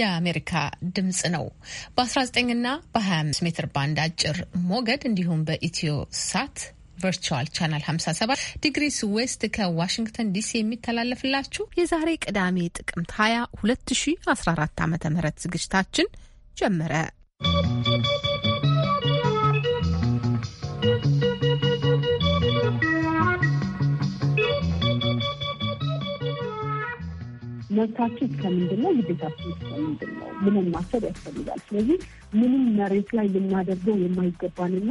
የአሜሪካ ድምጽ ነው። በ19 ና በ25 ሜትር ባንድ አጭር ሞገድ እንዲሁም በኢትዮ ሳት ቨርቹዋል ቻናል 57 ዲግሪስ ዌስት ከዋሽንግተን ዲሲ የሚተላለፍላችሁ የዛሬ ቅዳሜ ጥቅምት 20 2014 ዓ ም ዝግጅታችን ጀመረ። መብታችን እስከምንድን ነው? ግዴታችን እስከምንድን ነው? ምንም ማሰብ ያስፈልጋል። ስለዚህ ምንም መሬት ላይ የማደርገው የማይገባንና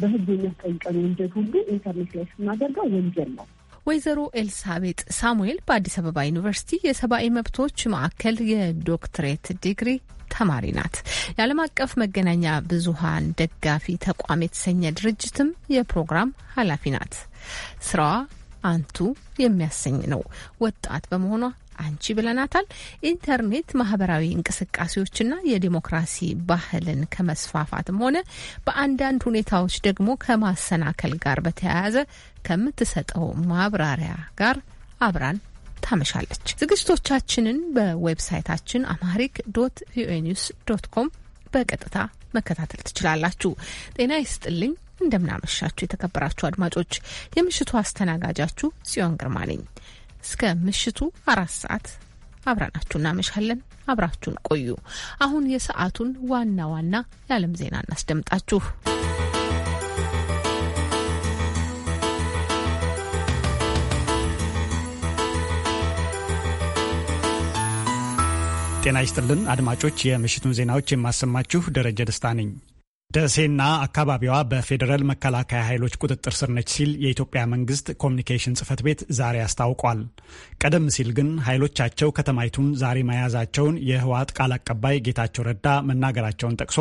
በህግ የሚያስጠይቀን ወንጀል ሁሉ ኢንተርኔት ላይ ስናደርገው ወንጀል ነው። ወይዘሮ ኤልሳቤጥ ሳሙኤል በአዲስ አበባ ዩኒቨርሲቲ የሰብአዊ መብቶች ማዕከል የዶክትሬት ዲግሪ ተማሪ ናት። የዓለም አቀፍ መገናኛ ብዙሃን ደጋፊ ተቋም የተሰኘ ድርጅትም የፕሮግራም ኃላፊ ናት። ስራዋ አንቱ የሚያሰኝ ነው። ወጣት በመሆኗ አንቺ ብለናታል። ኢንተርኔት ማህበራዊ እንቅስቃሴዎችና የዲሞክራሲ ባህልን ከመስፋፋትም ሆነ በአንዳንድ ሁኔታዎች ደግሞ ከማሰናከል ጋር በተያያዘ ከምትሰጠው ማብራሪያ ጋር አብራን ታመሻለች። ዝግጅቶቻችንን በዌብሳይታችን አማሪክ ዶት ቪኦኤ ኒውስ ዶት ኮም በቀጥታ መከታተል ትችላላችሁ። ጤና ይስጥልኝ። እንደምናመሻችሁ የተከበራችሁ አድማጮች፣ የምሽቱ አስተናጋጃችሁ ጽዮን ግርማ ነኝ። እስከ ምሽቱ አራት ሰዓት አብረናችሁ እናመሻለን። አብራችሁን ቆዩ። አሁን የሰዓቱን ዋና ዋና የዓለም ዜና እናስደምጣችሁ። ጤና ይስጥልን አድማጮች፣ የምሽቱን ዜናዎች የማሰማችሁ ደረጀ ደስታ ነኝ። ደሴና አካባቢዋ በፌዴራል መከላከያ ኃይሎች ቁጥጥር ስር ነች ሲል የኢትዮጵያ መንግስት ኮሚኒኬሽን ጽህፈት ቤት ዛሬ አስታውቋል። ቀደም ሲል ግን ኃይሎቻቸው ከተማይቱን ዛሬ መያዛቸውን የህወሓት ቃል አቀባይ ጌታቸው ረዳ መናገራቸውን ጠቅሶ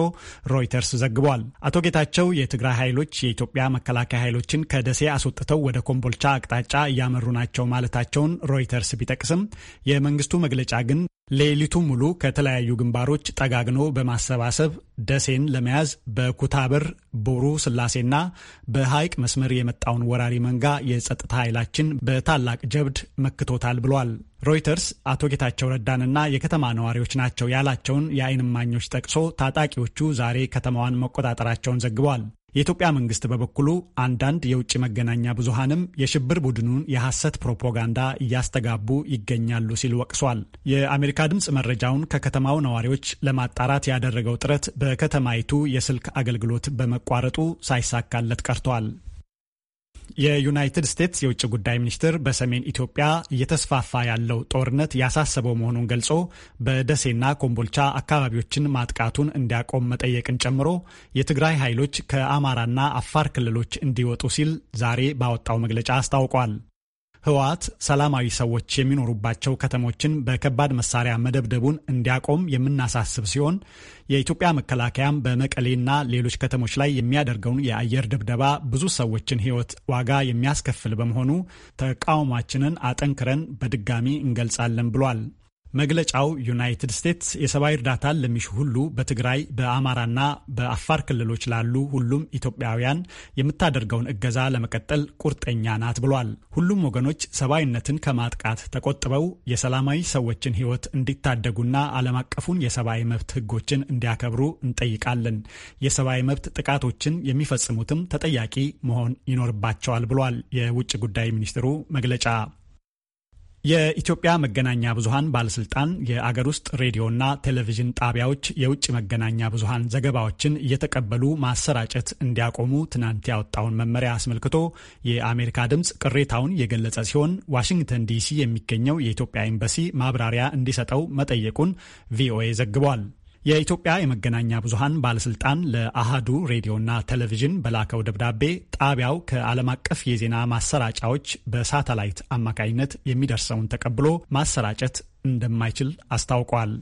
ሮይተርስ ዘግቧል። አቶ ጌታቸው የትግራይ ኃይሎች የኢትዮጵያ መከላከያ ኃይሎችን ከደሴ አስወጥተው ወደ ኮምቦልቻ አቅጣጫ እያመሩ ናቸው ማለታቸውን ሮይተርስ ቢጠቅስም የመንግስቱ መግለጫ ግን ሌሊቱ ሙሉ ከተለያዩ ግንባሮች ጠጋግኖ በማሰባሰብ ደሴን ለመያዝ በኩታበር ቦሩ ስላሴና በሐይቅ መስመር የመጣውን ወራሪ መንጋ የጸጥታ ኃይላችን በታላቅ ጀብድ መክቶታል ብሏል። ሮይተርስ አቶ ጌታቸው ረዳንና የከተማ ነዋሪዎች ናቸው ያላቸውን የአይን እማኞች ጠቅሶ ታጣቂዎቹ ዛሬ ከተማዋን መቆጣጠራቸውን ዘግቧል። የኢትዮጵያ መንግስት በበኩሉ አንዳንድ የውጭ መገናኛ ብዙሃንም የሽብር ቡድኑን የሐሰት ፕሮፓጋንዳ እያስተጋቡ ይገኛሉ ሲል ወቅሷል። የአሜሪካ ድምፅ መረጃውን ከከተማው ነዋሪዎች ለማጣራት ያደረገው ጥረት በከተማይቱ የስልክ አገልግሎት በመቋረጡ ሳይሳካለት ቀርቷል። የዩናይትድ ስቴትስ የውጭ ጉዳይ ሚኒስትር በሰሜን ኢትዮጵያ እየተስፋፋ ያለው ጦርነት ያሳሰበው መሆኑን ገልጾ በደሴና ኮምቦልቻ አካባቢዎችን ማጥቃቱን እንዲያቆም መጠየቅን ጨምሮ የትግራይ ኃይሎች ከአማራና አፋር ክልሎች እንዲወጡ ሲል ዛሬ ባወጣው መግለጫ አስታውቋል። ህወሓት ሰላማዊ ሰዎች የሚኖሩባቸው ከተሞችን በከባድ መሳሪያ መደብደቡን እንዲያቆም የምናሳስብ ሲሆን የኢትዮጵያ መከላከያም በመቀሌና ሌሎች ከተሞች ላይ የሚያደርገውን የአየር ድብደባ ብዙ ሰዎችን ህይወት ዋጋ የሚያስከፍል በመሆኑ ተቃውሟችንን አጠንክረን በድጋሚ እንገልጻለን ብሏል። መግለጫው ዩናይትድ ስቴትስ የሰብአዊ እርዳታን ለሚሹ ሁሉ በትግራይ በአማራና በአፋር ክልሎች ላሉ ሁሉም ኢትዮጵያውያን የምታደርገውን እገዛ ለመቀጠል ቁርጠኛ ናት ብሏል። ሁሉም ወገኖች ሰብአዊነትን ከማጥቃት ተቆጥበው የሰላማዊ ሰዎችን ሕይወት እንዲታደጉና ዓለም አቀፉን የሰብአዊ መብት ሕጎችን እንዲያከብሩ እንጠይቃለን። የሰብአዊ መብት ጥቃቶችን የሚፈጽሙትም ተጠያቂ መሆን ይኖርባቸዋል ብሏል የውጭ ጉዳይ ሚኒስትሩ መግለጫ የኢትዮጵያ መገናኛ ብዙሀን ባለስልጣን የአገር ውስጥ ሬዲዮና ቴሌቪዥን ጣቢያዎች የውጭ መገናኛ ብዙሀን ዘገባዎችን እየተቀበሉ ማሰራጨት እንዲያቆሙ ትናንት ያወጣውን መመሪያ አስመልክቶ የአሜሪካ ድምፅ ቅሬታውን የገለጸ ሲሆን ዋሽንግተን ዲሲ የሚገኘው የኢትዮጵያ ኤምባሲ ማብራሪያ እንዲሰጠው መጠየቁን ቪኦኤ ዘግቧል። የኢትዮጵያ የመገናኛ ብዙሃን ባለስልጣን ለአሃዱ ሬዲዮና ቴሌቪዥን በላከው ደብዳቤ ጣቢያው ከዓለም አቀፍ የዜና ማሰራጫዎች በሳተላይት አማካኝነት የሚደርሰውን ተቀብሎ ማሰራጨት እንደማይችል አስታውቋል።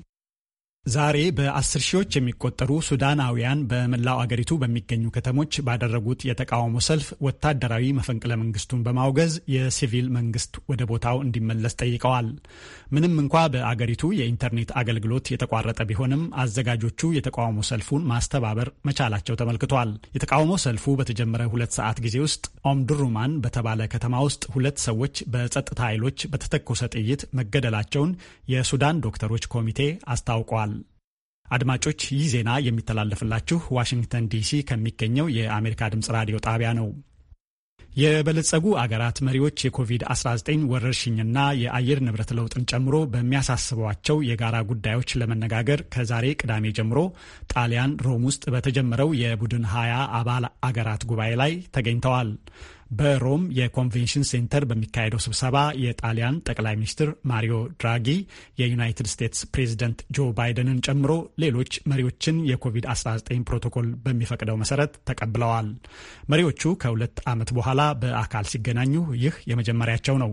ዛሬ በአስር ሺዎች የሚቆጠሩ ሱዳናውያን በመላው አገሪቱ በሚገኙ ከተሞች ባደረጉት የተቃውሞ ሰልፍ ወታደራዊ መፈንቅለ መንግስቱን በማውገዝ የሲቪል መንግስት ወደ ቦታው እንዲመለስ ጠይቀዋል። ምንም እንኳ በአገሪቱ የኢንተርኔት አገልግሎት የተቋረጠ ቢሆንም አዘጋጆቹ የተቃውሞ ሰልፉን ማስተባበር መቻላቸው ተመልክቷል። የተቃውሞ ሰልፉ በተጀመረ ሁለት ሰዓት ጊዜ ውስጥ ኦምዱሩማን በተባለ ከተማ ውስጥ ሁለት ሰዎች በጸጥታ ኃይሎች በተተኮሰ ጥይት መገደላቸውን የሱዳን ዶክተሮች ኮሚቴ አስታውቋል። አድማጮች ይህ ዜና የሚተላለፍላችሁ ዋሽንግተን ዲሲ ከሚገኘው የአሜሪካ ድምፅ ራዲዮ ጣቢያ ነው። የበለጸጉ አገራት መሪዎች የኮቪድ-19 ወረርሽኝና የአየር ንብረት ለውጥን ጨምሮ በሚያሳስቧቸው የጋራ ጉዳዮች ለመነጋገር ከዛሬ ቅዳሜ ጀምሮ ጣሊያን ሮም ውስጥ በተጀመረው የቡድን ሀያ አባል አገራት ጉባኤ ላይ ተገኝተዋል። በሮም የኮንቬንሽን ሴንተር በሚካሄደው ስብሰባ የጣሊያን ጠቅላይ ሚኒስትር ማሪዮ ድራጊ የዩናይትድ ስቴትስ ፕሬዚደንት ጆ ባይደንን ጨምሮ ሌሎች መሪዎችን የኮቪድ-19 ፕሮቶኮል በሚፈቅደው መሰረት ተቀብለዋል። መሪዎቹ ከሁለት ዓመት በኋላ በአካል ሲገናኙ ይህ የመጀመሪያቸው ነው።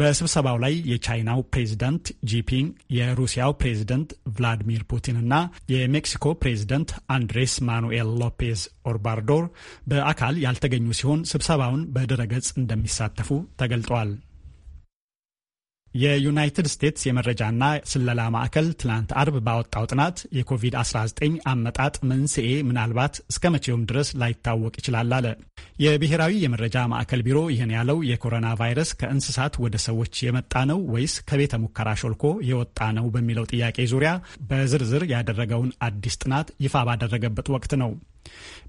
በስብሰባው ላይ የቻይናው ፕሬዚደንት ጂፒንግ፣ የሩሲያው ፕሬዚደንት ቭላዲሚር ፑቲን እና የሜክሲኮ ፕሬዚደንት አንድሬስ ማኑኤል ሎፔዝ ኦርባርዶር በአካል ያልተገኙ ሲሆን ስብሰባውን በድረገጽ እንደሚሳተፉ ተገልጠዋል። የዩናይትድ ስቴትስ የመረጃና ስለላ ማዕከል ትናንት አርብ ባወጣው ጥናት የኮቪድ-19 አመጣጥ መንስኤ ምናልባት እስከ መቼውም ድረስ ላይታወቅ ይችላል አለ። የብሔራዊ የመረጃ ማዕከል ቢሮ ይህን ያለው የኮሮና ቫይረስ ከእንስሳት ወደ ሰዎች የመጣ ነው ወይስ ከቤተ ሙከራ ሾልኮ የወጣ ነው በሚለው ጥያቄ ዙሪያ በዝርዝር ያደረገውን አዲስ ጥናት ይፋ ባደረገበት ወቅት ነው።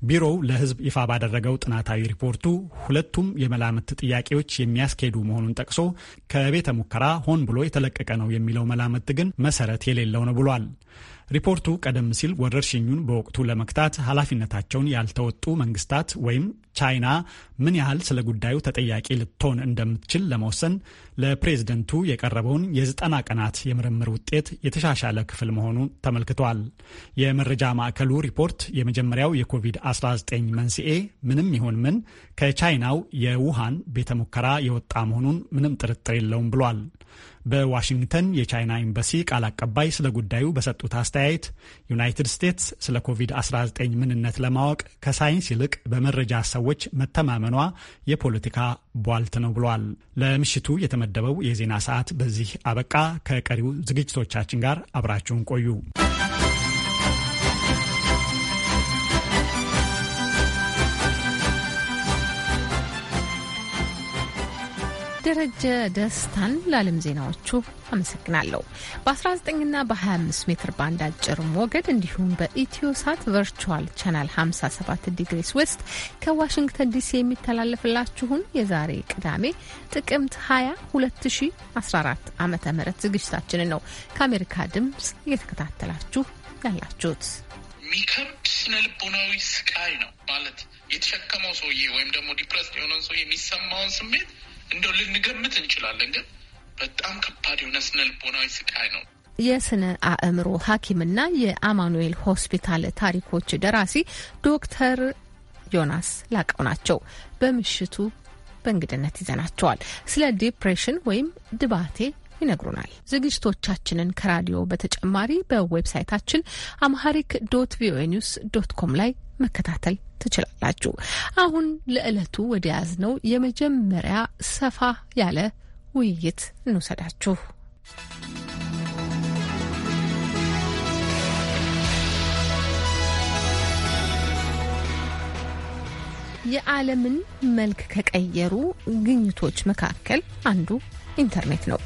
ቢሮው ለሕዝብ ይፋ ባደረገው ጥናታዊ ሪፖርቱ ሁለቱም የመላምት ጥያቄዎች የሚያስኬዱ መሆኑን ጠቅሶ ከቤተ ሙከራ ሆን ብሎ የተለቀቀ ነው የሚለው መላምት ግን መሰረት የሌለው ነው ብሏል። ሪፖርቱ ቀደም ሲል ወረርሽኙን በወቅቱ ለመክታት ኃላፊነታቸውን ያልተወጡ መንግስታት ወይም ቻይና ምን ያህል ስለ ጉዳዩ ተጠያቂ ልትሆን እንደምትችል ለመወሰን ለፕሬዝደንቱ የቀረበውን የዘጠና ቀናት የምርምር ውጤት የተሻሻለ ክፍል መሆኑን ተመልክቷል። የመረጃ ማዕከሉ ሪፖርት የመጀመሪያው የኮቪድ-19 መንስኤ ምንም ይሁን ምን ከቻይናው የውሃን ቤተ ሙከራ የወጣ መሆኑን ምንም ጥርጥር የለውም ብሏል። በዋሽንግተን የቻይና ኤምባሲ ቃል አቀባይ ስለ ጉዳዩ በሰጡት አስተያየት ዩናይትድ ስቴትስ ስለ ኮቪድ-19 ምንነት ለማወቅ ከሳይንስ ይልቅ በመረጃ ሰዎች መተማመኗ የፖለቲካ ቧልት ነው ብሏል። ለምሽቱ የተመደበው የዜና ሰዓት በዚህ አበቃ። ከቀሪው ዝግጅቶቻችን ጋር አብራችሁን ቆዩ። ደረጀ ደስታን ለዓለም ዜናዎቹ አመሰግናለሁ። በ19ና በ25 ሜትር ባንድ አጭር ሞገድ እንዲሁም በኢትዮሳት ቨርቹዋል ቻናል 57 ዲግሪስ ዌስት ከዋሽንግተን ዲሲ የሚተላለፍላችሁን የዛሬ ቅዳሜ ጥቅምት 20 2014 ዓ ም ዝግጅታችንን ነው ከአሜሪካ ድምፅ እየተከታተላችሁ ያላችሁት። የሚከብድ ስነ ልቦናዊ ስቃይ ነው ማለት የተሸከመው ሰውዬ ወይም ደግሞ ዲፕረስ የሆነን ሰውዬ የሚሰማውን ስሜት እንደው ልንገምት እንችላለን፣ ግን በጣም ከባድ የሆነ ስነ ልቦናዊ ስቃይ ነው። የስነ አእምሮ ሐኪምና የአማኑኤል ሆስፒታል ታሪኮች ደራሲ ዶክተር ዮናስ ላቀው ናቸው። በምሽቱ በእንግድነት ይዘናቸዋል። ስለ ዲፕሬሽን ወይም ድባቴ ይነግሩናል። ዝግጅቶቻችንን ከራዲዮ በተጨማሪ በዌብሳይታችን አምሃሪክ ዶት ቪኦኤ ኒውስ ዶት ኮም ላይ መከታተል ትችላላችሁ። አሁን ለዕለቱ ወደ ያዝነው የመጀመሪያ ሰፋ ያለ ውይይት እንውሰዳችሁ። የዓለምን መልክ ከቀየሩ ግኝቶች መካከል አንዱ ኢንተርኔት ነው።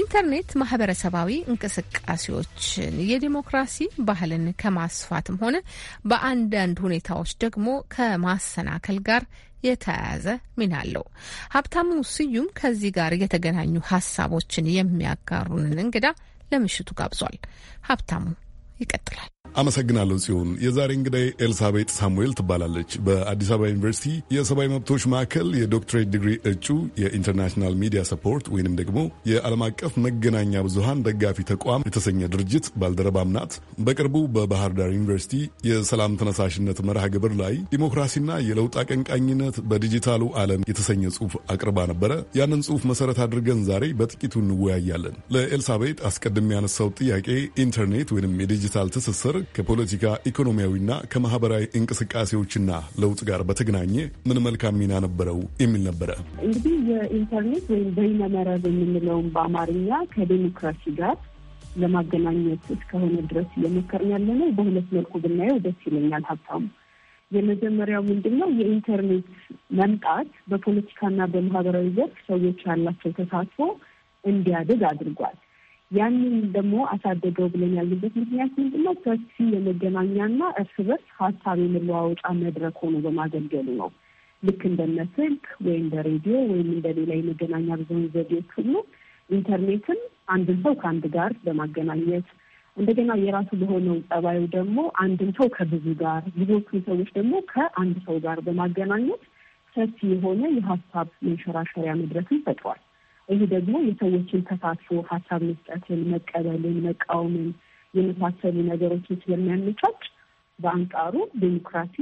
ኢንተርኔት ማህበረሰባዊ እንቅስቃሴዎችን የዲሞክራሲ ባህልን ከማስፋትም ሆነ በአንዳንድ ሁኔታዎች ደግሞ ከማሰናከል ጋር የተያያዘ ሚና አለው። ሀብታሙ ስዩም ከዚህ ጋር የተገናኙ ሀሳቦችን የሚያጋሩንን እንግዳ ለምሽቱ ጋብዟል። ሀብታሙ ይቀጥላል። አመሰግናለሁ ጽዮን። የዛሬ እንግዳይ ኤልሳቤጥ ሳሙኤል ትባላለች። በአዲስ አበባ ዩኒቨርሲቲ የሰብአዊ መብቶች ማዕከል የዶክትሬት ዲግሪ እጩ የኢንተርናሽናል ሚዲያ ሰፖርት ወይንም ደግሞ የዓለም አቀፍ መገናኛ ብዙሃን ደጋፊ ተቋም የተሰኘ ድርጅት ባልደረባም ናት። በቅርቡ በባህር ዳር ዩኒቨርሲቲ የሰላም ተነሳሽነት መርሃ ግብር ላይ ዲሞክራሲና የለውጥ አቀንቃኝነት በዲጂታሉ ዓለም የተሰኘ ጽሑፍ አቅርባ ነበረ። ያንን ጽሑፍ መሰረት አድርገን ዛሬ በጥቂቱ እንወያያለን። ለኤልሳቤጥ አስቀድሜ ያነሳው ጥያቄ ኢንተርኔት ወይንም የዲጂታል ትስስር ከፖለቲካ ኢኮኖሚያዊና ከማህበራዊ እንቅስቃሴዎችና ለውጥ ጋር በተገናኘ ምን መልካም ሚና ነበረው የሚል ነበረ። እንግዲህ የኢንተርኔት ወይም በይነመረብ የምንለውን በአማርኛ ከዴሞክራሲ ጋር ለማገናኘት እስከሆነ ድረስ እየሞከርን ያለ ነው። በሁለት መልኩ ብናየው ደስ ይለኛል ሀብታሙ። የመጀመሪያው ምንድን ነው? የኢንተርኔት መምጣት በፖለቲካና በማህበራዊ ዘርፍ ሰዎች ያላቸው ተሳትፎ እንዲያድግ አድርጓል። ያንን ደግሞ አሳደገው ብለን ያሉበት ምክንያት ምንድነው? ሰፊ የመገናኛና እርስ በርስ ሀሳብ የመለዋወጫ መድረክ ሆኖ በማገልገሉ ነው። ልክ እንደነ ስልክ ወይም እንደ ሬዲዮ ወይም እንደሌላ የመገናኛ ብዙኃን ዘዴዎች ሁሉ ኢንተርኔትን አንድን ሰው ከአንድ ጋር በማገናኘት እንደገና የራሱ በሆነው ጸባዩ ደግሞ አንድን ሰው ከብዙ ጋር ብዙዎቹን ሰዎች ደግሞ ከአንድ ሰው ጋር በማገናኘት ሰፊ የሆነ የሀሳብ መንሸራሸሪያ መድረክን ፈጥሯል። ይሄ ደግሞ የሰዎችን ተሳትፎ ሀሳብ መስጠትን፣ መቀበልን፣ መቃወምን የመሳሰሉ ነገሮችን ስለሚያመቻች በአንጻሩ ዴሞክራሲ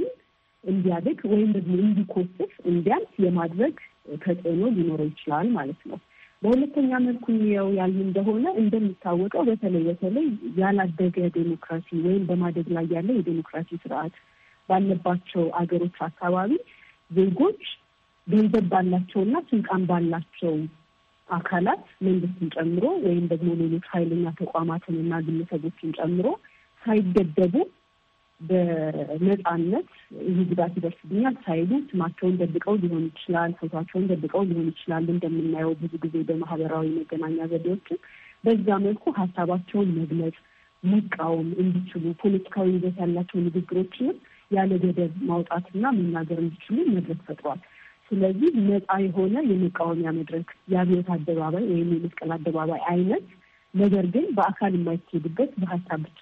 እንዲያድግ ወይም ደግሞ እንዲኮስፍ እንዲያንስ የማድረግ ተጽዕኖ ሊኖረው ይችላል ማለት ነው። በሁለተኛ መልኩ የው ያሉ እንደሆነ እንደሚታወቀው በተለይ በተለይ ያላደገ ዴሞክራሲ ወይም በማደግ ላይ ያለ የዴሞክራሲ ስርዓት ባለባቸው አገሮች አካባቢ ዜጎች ገንዘብ ባላቸውና ስልጣን ባላቸው አካላት መንግስትን ጨምሮ ወይም ደግሞ ሌሎች ኃይለኛ ተቋማትንና ግለሰቦችን ጨምሮ ሳይደደቡ በነፃነት ይህ ጉዳት ይደርስብኛል ሳይሉ ስማቸውን ደብቀው ሊሆን ይችላል፣ ፎቷቸውን ደብቀው ሊሆን ይችላል። እንደምናየው ብዙ ጊዜ በማህበራዊ መገናኛ ዘዴዎችን በዛ መልኩ ሀሳባቸውን መግለጽ መቃወም እንዲችሉ ፖለቲካዊ ይዘት ያላቸው ንግግሮችንም ያለ ገደብ ማውጣትና መናገር እንዲችሉ መድረክ ፈጥሯል። ስለዚህ ነፃ የሆነ የመቃወሚያ መድረክ የአብዮት አደባባይ ወይም የመስቀል አደባባይ አይነት ነገር ግን በአካል የማይካሄድበት በሀሳብ ብቻ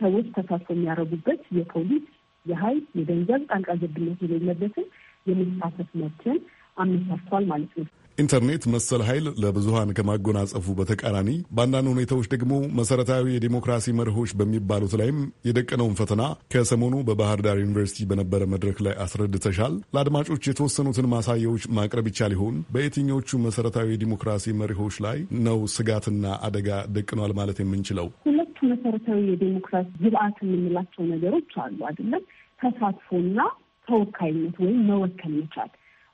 ሰዎች ተሳትፎ የሚያደርጉበት የፖሊስ የሀይል የገንዘብ ጣልቃ ገብነት የሌለበትን የመሳተፍ መብትን አመቻችቷል ማለት ነው። ኢንተርኔት መሰል ኃይል ለብዙሃን ከማጎናጸፉ በተቃራኒ በአንዳንድ ሁኔታዎች ደግሞ መሰረታዊ የዲሞክራሲ መርሆች በሚባሉት ላይም የደቀነውን ፈተና ከሰሞኑ በባህር ዳር ዩኒቨርሲቲ በነበረ መድረክ ላይ አስረድተሻል። ለአድማጮች የተወሰኑትን ማሳያዎች ማቅረብ ይቻል ይሆን? በየትኞቹ መሰረታዊ የዲሞክራሲ መርሆች ላይ ነው ስጋትና አደጋ ደቅኗል ማለት የምንችለው? ሁለቱ መሰረታዊ የዲሞክራሲ ግብአት የምንላቸው ነገሮች አሉ አይደለም? ተሳትፎና ተወካይነት ወይም መወከል መቻል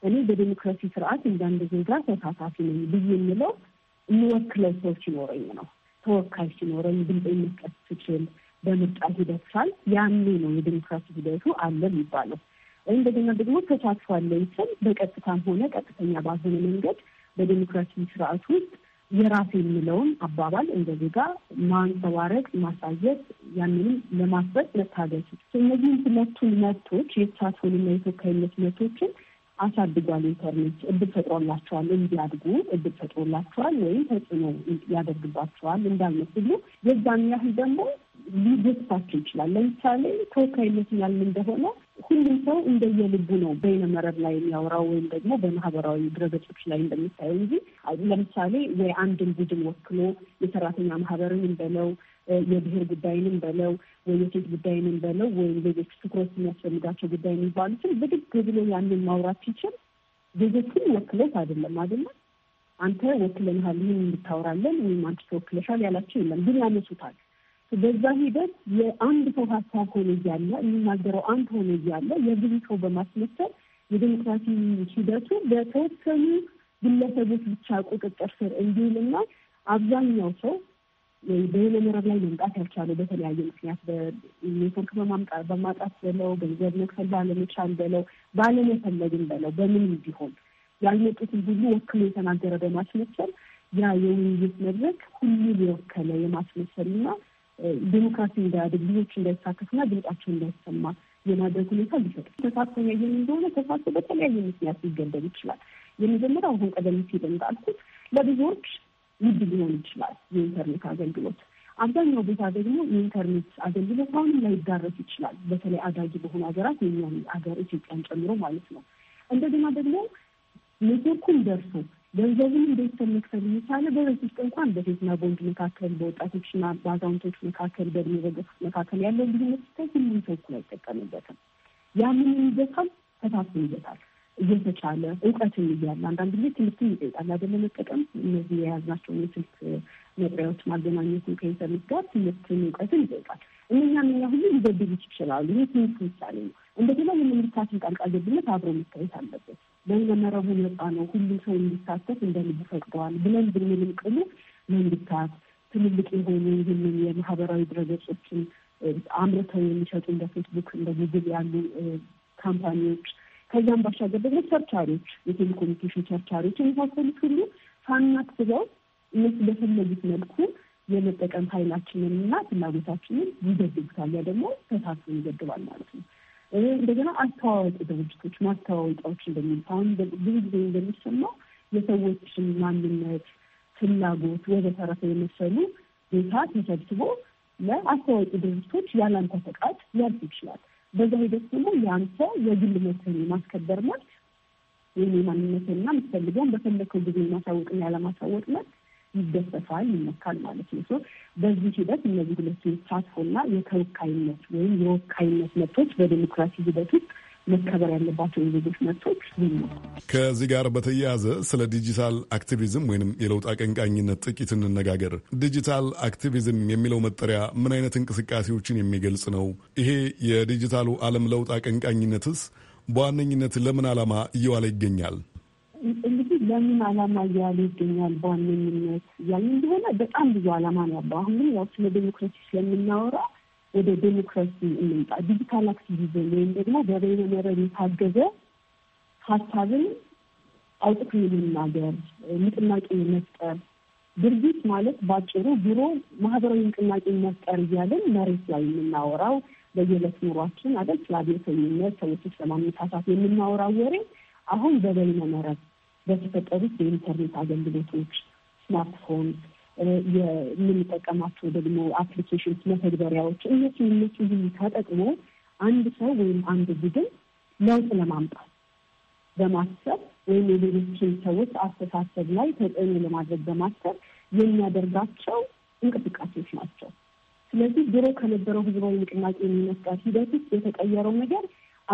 እኔ በዴሞክራሲ ስርዓት እንዳንድ ዜጋ ተሳታፊ ነኝ ብዬ የምለው የሚወክለው ሰው ሲኖረኝ ነው። ተወካይ ሲኖረኝ፣ ድምፄን መስጠት ስችል፣ በምርጫ ሂደት ሳል ያኔ ነው የዴሞክራሲ ሂደቱ አለ የሚባለው። እንደገና ደግሞ ተሳትፏለኝ ስል በቀጥታም ሆነ ቀጥተኛ ባልሆነ መንገድ በዴሞክራሲ ስርዓት ውስጥ የራሴ የምለውን አባባል እንደ ዜጋ ማንጸባረቅ፣ ማሳየት፣ ያንንም ለማስበት መታገል እነዚህም ሁለቱን መብቶች የተሳትፎንና የተወካይነት መብቶችን አሳድጓል። ኢንተርኔት እድል ፈጥሮላቸዋል፣ እንዲያድጉ እድል ፈጥሮላቸዋል ወይም ተጽዕኖ ያደርግባቸዋል እንዳልመስሉ የዛን ያህል ደግሞ ሊጎትታቸው ይችላል። ለምሳሌ ተወካይነት ያልን እንደሆነ ሁሉም ሰው እንደየልቡ ነው በይነመረብ ላይ የሚያወራው ወይም ደግሞ በማህበራዊ ድረገጾች ላይ እንደሚታየው እንጂ ለምሳሌ ወይ አንድን ቡድን ወክሎ የሰራተኛ ማህበርንም በለው የብሔር ጉዳይንም በለው ወይ የሴት ጉዳይንም በለው ወይም ሌሎች ትኩረት የሚያስፈልጋቸው ጉዳይ የሚባሉትን ብድግ ብሎ ያንን ማውራት ሲችል ዜጎቹን ወክሎት አይደለም አይደለም አንተ ወክለንሃል ይህን እንድታወራለን ወይም አንቺ ተወክለሻል ያላቸው የለም ግን ያነሱታል በዛ ሂደት የአንድ ሰው ሀሳብ ሆነ እያለ የሚናገረው አንድ ሆነ እያለ የብዙ ሰው በማስመሰል የዴሞክራሲ ሂደቱ በተወሰኑ ግለሰቦች ብቻ ቁጥጥር ስር እንዲውልና አብዛኛው ሰው በሆነ መረብ ላይ መምጣት ያልቻለው በተለያየ ምክንያት ኔትወርክ በማጣት በለው ገንዘብ መክፈል ባለመቻል በለው ባለመፈለግም በለው በምን ቢሆን ያልመጡትን ሁሉ ወክሎ የተናገረ በማስመሰል ያ የውይይት መድረክ ሁሉ የወከለ የማስመሰል የማስመሰልና ዴሞክራሲ እንዳያድግ ልጆች እንዳይሳተፉና ድምጻቸው እንዳይሰማ የማድረግ ሁኔታ ሊፈጥ ተሳትፎ ያየን እንደሆነ ተሳትፎ በተለያየ ምክንያት ሊገደብ ይችላል። የመጀመሪያው አሁን ቀደም ሲል እንዳልኩት ለብዙዎች ውድ ሊሆን ይችላል የኢንተርኔት አገልግሎት። አብዛኛው ቦታ ደግሞ የኢንተርኔት አገልግሎት አሁንም ላይዳረስ ይችላል። በተለይ አዳጊ በሆኑ ሀገራት የኛን ሀገር ኢትዮጵያን ጨምሮ ማለት ነው። እንደገና ደግሞ ኔትወርኩም ደርሶ ገንዘብን እንዴት ተመክፈል የሚቻለ በቤት ውስጥ እንኳን በሴትና በወንድ መካከል፣ በወጣቶችና በአዛውንቶች መካከል፣ በእድሜ በገፍ መካከል ያለው ልዩነት ስታይ ሁሉም ሰው እኩል አይጠቀምበትም። ያምን ይገታል፣ ተሳስቦ ይገታል። እየተቻለ እውቀትም እያለ አንዳንድ ጊዜ ትምህርትም ይጠይቃል አይደለ? መጠቀም እነዚህ የያዝናቸውን የስልክ መጥሪያዎች ማገናኘትን ከኢንተርኔት ጋር ትምህርትን እውቀትን ይጠይቃል። እነኛ እኛ ሁሉ ሊገድቡት ይችላሉ። ይህ ትምህርት ምሳሌ ነው። እንደገና የመንግስታትን ጣልቃ ገብነት አብሮ መታየት አለበት። በይነመረቡ ነጻ ነው፣ ሁሉም ሰው እንዲሳተፍ እንደ ልብ ፈቅደዋል ብለን ብንልም ቅሉ መንግስታት ትልልቅ የሆኑ ይህንን የማህበራዊ ድረገጾችን አምርተው የሚሸጡ እንደ ፌስቡክ እንደ ጉግል ያሉ ካምፓኒዎች ከዚያም ባሻገር ደግሞ ቸርቻሪዎች፣ የቴሌኮሙኒኬሽን ቸርቻሪዎች የመሳሰሉት ሁሉ ሳናስበው እነሱ በፈለጉት መልኩ የመጠቀም ኃይላችንን እና ፍላጎታችንን ይገድቡታል። ያ ደግሞ ተሳትፎ ይገድባል ማለት ነው። እንደገና አስተዋዋቂ ድርጅቶች ማስተዋወቂያዎች እንደሚሆን ብዙ ጊዜ እንደሚሰማው የሰዎችን ማንነት፣ ፍላጎት ወደ ተረፈ የመሰሉ ቤታ ተሰብስቦ ለአስተዋወቂ ድርጅቶች ያላንተ ፈቃድ ሊያልፍ ይችላል። በዛ ሂደት ደግሞ የአንተ የግል መብትህን ማስከበር መብት፣ የኔ ማንነትንና የምትፈልገውን በፈለከው ጊዜ ማሳወቅና ያለማሳወቅ መብት ይገሰሳል፣ ይመካል ማለት ነው። ሶ በዚህ ሂደት እነዚህ ሁለቱ የተሳትፎና የተወካይነት ወይም የወካይነት መብቶች በዲሞክራሲ ሂደት ውስጥ መከበር ያለባቸው ከዚህ ጋር በተያያዘ ስለ ዲጂታል አክቲቪዝም ወይም የለውጥ አቀንቃኝነት ጥቂት እንነጋገር። ዲጂታል አክቲቪዝም የሚለው መጠሪያ ምን አይነት እንቅስቃሴዎችን የሚገልጽ ነው? ይሄ የዲጂታሉ ዓለም ለውጥ አቀንቃኝነትስ በዋነኝነት ለምን ዓላማ እየዋለ ይገኛል? ለምን አላማ እያሉ ይገኛል በዋነኝነት እያሉ እንደሆነ በጣም ብዙ አላማ ነው ያለው። አሁን ግን ያው ስለ ዴሞክራሲ ስለምናወራ ወደ ዴሞክራሲ እንምጣ። ዲጂታል አክቲቪዝም ወይም ደግሞ በበይነ መረብ የታገዘ ሀሳብን አውጥቶ የመናገር ንቅናቄ መፍጠር ድርጊት ማለት በአጭሩ ቢሮ ማህበራዊ ንቅናቄ መፍጠር እያለን መሬት ላይ የምናወራው በየዕለት ኑሯችን አደል ስለ አብዮተኝነት ሰዎችን ስለማነሳሳት የምናወራው ወሬ አሁን በበይነ መረብ በተፈጠሩት የኢንተርኔት አገልግሎቶች ስማርትፎን የምንጠቀማቸው ደግሞ አፕሊኬሽንስ፣ መተግበሪያዎች እነሱ እነሱ ሁሉ ተጠቅሞ አንድ ሰው ወይም አንድ ቡድን ለውጥ ለማምጣት በማሰብ ወይም የሌሎችን ሰዎች አስተሳሰብ ላይ ተጽዕኖ ለማድረግ በማሰብ የሚያደርጋቸው እንቅስቃሴዎች ናቸው። ስለዚህ ድሮ ከነበረው ህዝባዊ ንቅናቄ የሚመስጣት ሂደት ውስጥ የተቀየረው ነገር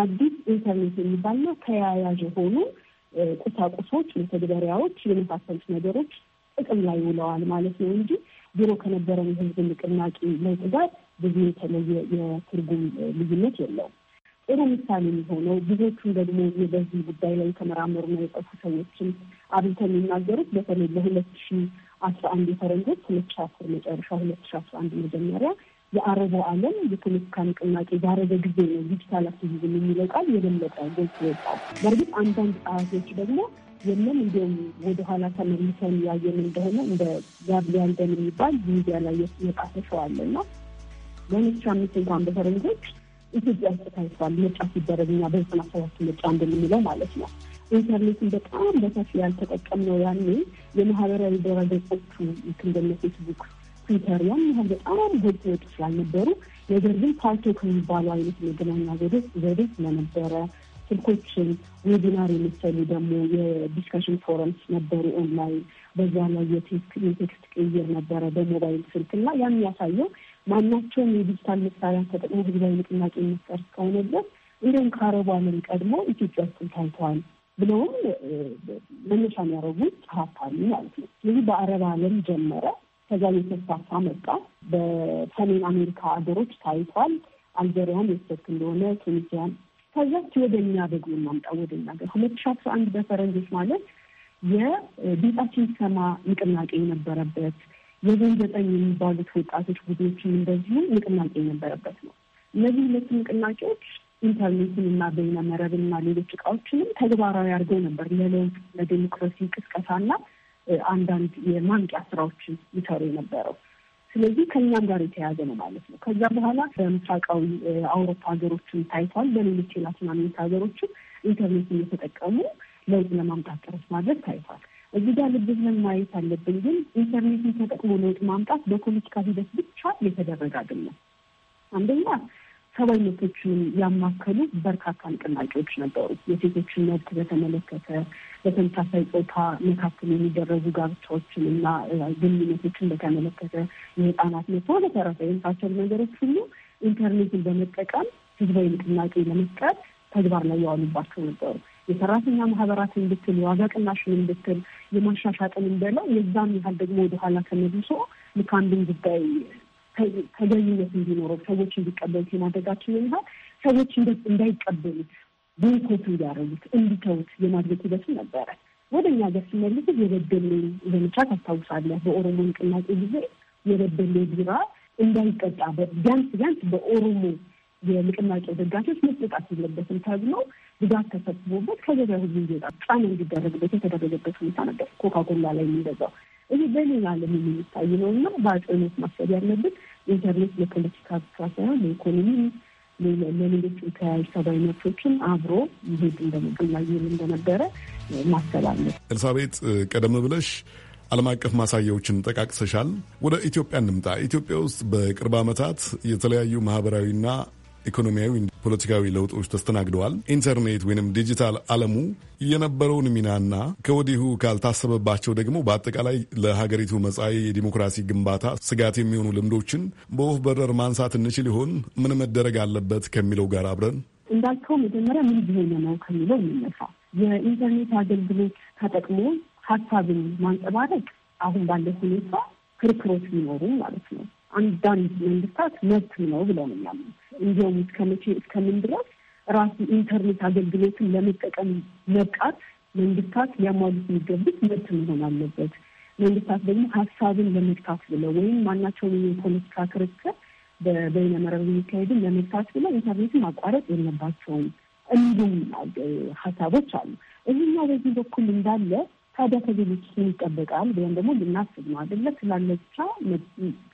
አዲስ ኢንተርኔት የሚባልና ተያያዥ ሆኑ ቁሳቁሶች፣ መተግበሪያዎች የመሳሰሉት ነገሮች ጥቅም ላይ ውለዋል ማለት ነው እንጂ ቢሮ ከነበረው የህዝብ ንቅናቄ ለውጥ ጋር ብዙ የተለየ የትርጉም ልዩነት የለውም። ጥሩ ምሳሌ የሚሆነው ብዙዎቹን ደግሞ በዚህ ጉዳይ ላይ ነው የጠፉ ሰዎችን አብልተ የሚናገሩት በተለይ ለሁለት ሺ አስራ አንድ የፈረንጆች ሁለት ሺ አስር መጨረሻ ሁለት ሺ አስራ አንድ መጀመሪያ የአረቡ ዓለም የፖለቲካ ንቅናቄ ባረገ ጊዜ ነው ዲጂታል አክቲቪዝም የሚለው ቃል የበለጠ ጎልቶ ወጣው። በእርግጥ አንዳንድ ጸሐፊዎች ደግሞ የለም እንዲሁም ወደኋላ ተመልሰን ያየን እንደሆነ እንደ ጋብሊያል ደን የሚባል ሚዲያ ላይ የጣፈ ሰው አለና ለሁለት አምስት እንኳን በፈረንጆች ኢትዮጵያ ውስጥ ታይቷል። ምርጫ ሲደረግ እኛ በዘጠና ሰባት ምርጫ እንደምንለው ማለት ነው። ኢንተርኔትን በጣም በሰፊ ያልተጠቀምነው ያኔ የማህበራዊ ድረገጾቹ ልክ እንደነ ፌስቡክ ትዊተር ያን ያህል በጣም ህግ ወጥ ስላልነበሩ ነገር ግን ፓርቶ ከሚባሉ አይነት መገናኛ ዘዴ ዘዴ ስለነበረ ስልኮችን ዌቢናር የመሰሉ ደግሞ የዲስካሽን ፎረምስ ነበሩ ኦንላይን። በዛ ላይ የቴክስት ቅይር ነበረ በሞባይል ስልክ እና ያን ያሳየው ማናቸውም የዲጂታል መሳሪያ ተጠቅሞ ህዝባዊ ንቅናቄ መፍጠር እስከሆነ ድረስ እንዲሁም ከአረቡ ዓለም ቀድሞ ኢትዮጵያ ውስጥም ታይተዋል ብለውም መነሻ የሚያደረጉ ጸሐፍት አሉ ማለት ነው። ስለዚህ በአረብ ዓለም ጀመረ። ከዛ የተስፋፋ መጣ። በሰሜን አሜሪካ ሀገሮች ታይቷል። አልጀሪያን የወሰድክ እንደሆነ ቱኒዚያን። ከዛች ወደ እኛ ደግሞ እናምጣ ወደ እኛ ሀገር ሁለት ሺ አስራ አንድ በፈረንጆች ማለት የድምጻችን ሰማ ንቅናቄ የነበረበት የዞን ዘጠኝ የሚባሉት ወጣቶች ቡድኖችም እንደዚሁ ንቅናቄ የነበረበት ነው። እነዚህ ሁለቱ ንቅናቄዎች ኢንተርኔትን እና በይነመረብን እና ሌሎች እቃዎችንም ተግባራዊ አድርገው ነበር ለለውጥ ለዴሞክራሲ ቅስቀሳ ቅስቀሳና አንዳንድ የማንቂያ ስራዎችን ይሰሩ የነበረው። ስለዚህ ከኛም ጋር የተያያዘ ነው ማለት ነው። ከዛ በኋላ በምስራቃዊ አውሮፓ ሀገሮችን ታይቷል። በሌሎች የላቲን አሜሪካ ሀገሮችም ኢንተርኔት እየተጠቀሙ ለውጥ ለማምጣት ጥረት ማድረግ ታይቷል። እዚህ ጋር ልብ ብለን ማየት አለብን። ግን ኢንተርኔትን ተጠቅሞ ለውጥ ማምጣት በፖለቲካ ሂደት ብቻ የተደረገ አይደለም። አንደኛ ሰብአዊ መብቶችንም ያማከሉ በርካታ ንቅናቄዎች ነበሩ። የሴቶችን መብት በተመለከተ፣ በተመሳሳይ ፆታ መካከል የሚደረጉ ጋብቻዎችን እና ግንኙነቶችን በተመለከተ፣ የህፃናት መብት በተረፈ የመሳሰሉ ነገሮች ሁሉ ኢንተርኔትን በመጠቀም ህዝባዊ ንቅናቄ ለመፍጠር ተግባር ላይ የዋሉባቸው ነበሩ። የሰራተኛ ማህበራትን ብትል፣ የዋጋ ቅናሽን ብትል፣ የማሻሻጥን በለው የዛም ያህል ደግሞ ወደኋላ ተመልሶ ልክ አንድን ጉዳይ ተገኝነት እንዲኖረው ሰዎች እንዲቀበሉት የማድረጋችን ይሆናል። ሰዎች እንዳይቀበሉት ቦይኮት እንዲያደርጉት እንዲተውት የማድረግ ሂደቱ ነበረ። ወደ እኛ ሀገር ሲመልሱት የበደሌ ዘመቻ ታስታውሳለህ? በኦሮሞ ንቅናቄ ጊዜ የበደሌ ቢራ እንዳይጠጣ ቢያንስ ቢያንስ በኦሮሞ የንቅናቄው ደጋፊዎች መጠጣት የለበትም ተብሎ ድጋፍ ተሰብስቦበት ከገበያ ህዝብ እንዲወጣ ጫና እንዲደረግበት የተደረገበት ሁኔታ ነበር። ኮካኮላ ላይ የሚገዛው ይሄ በሌላ ዓለም የሚታይ ነው እና በአጽንኦት ማሰብ ያለብን ኢንተርኔት ለፖለቲካ ብቻ ሳይሆን ለኢኮኖሚ፣ ለሌሎችም ተያያዥ ሰብአዊ መብቶችን አብሮ ይሄድ እንደሚገኝ እንደነበረ ማሰብ አለ። ኤልሳቤጥ ቀደም ብለሽ ዓለም አቀፍ ማሳያዎችን ጠቃቅሰሻል። ወደ ኢትዮጵያ እንምጣ። ኢትዮጵያ ውስጥ በቅርብ ዓመታት የተለያዩ ማህበራዊና ኢኮኖሚያዊ፣ ፖለቲካዊ ለውጦች ተስተናግደዋል። ኢንተርኔት ወይንም ዲጂታል ዓለሙ የነበረውን ሚናና ከወዲሁ ካልታሰበባቸው ደግሞ በአጠቃላይ ለሀገሪቱ መጻኢ የዲሞክራሲ ግንባታ ስጋት የሚሆኑ ልምዶችን በወፍ በረር ማንሳት እንችል ይሆን? ምን መደረግ አለበት ከሚለው ጋር አብረን እንዳልከው መጀመሪያ ምን ቢሆነ ነው ከሚለው እንነሳ። የኢንተርኔት አገልግሎት ተጠቅሞ ሀሳብን ማንጸባረቅ አሁን ባለ ሁኔታ ክርክሮች ቢኖሩ ማለት ነው አንዳንድ መንግስታት መብት ነው ብለው ነው የሚያምኑት። እንዲሁም እስከመቼ እስከምን ድረስ ራሱ ኢንተርኔት አገልግሎትን ለመጠቀም መብቃት መንግስታት ሊያሟሉት የሚገቡት መብት መሆን አለበት። መንግስታት ደግሞ ሀሳብን ለመግታት ብለው ወይም ማናቸውን የፖለቲካ ክርክር በበይነመረብ የሚካሄድን ለመግታት ብለው ኢንተርኔትን ማቋረጥ የለባቸውም። እንዲሁም ሀሳቦች አሉ። ይህኛው በዚህ በኩል እንዳለ ታዲያ ከሌሎች ይጠበቃል ወይም ደግሞ ልናስብ ነው አደለ? ስላለ ብቻ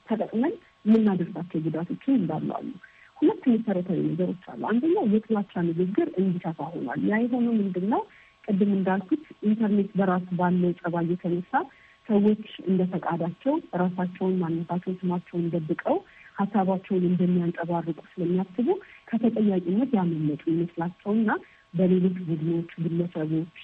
ተጠቅመን የምናደርሳቸው ጉዳቶችን እንዳለዋሉ ሁለት መሰረታዊ ነገሮች አሉ። አንደኛው የጥላቻ ንግግር እንዲሰፋ ሆኗል። ያ የሆነው ምንድን ነው? ቅድም እንዳልኩት ኢንተርኔት በራሱ ባለው ጸባይ የተነሳ ሰዎች እንደ ፈቃዳቸው ራሳቸውን፣ ማንነታቸውን፣ ስማቸውን ደብቀው ሀሳባቸውን እንደሚያንጸባርቁ ስለሚያስቡ ከተጠያቂነት ያመለጡ ይመስላቸውና በሌሎች ቡድኖች፣ ግለሰቦች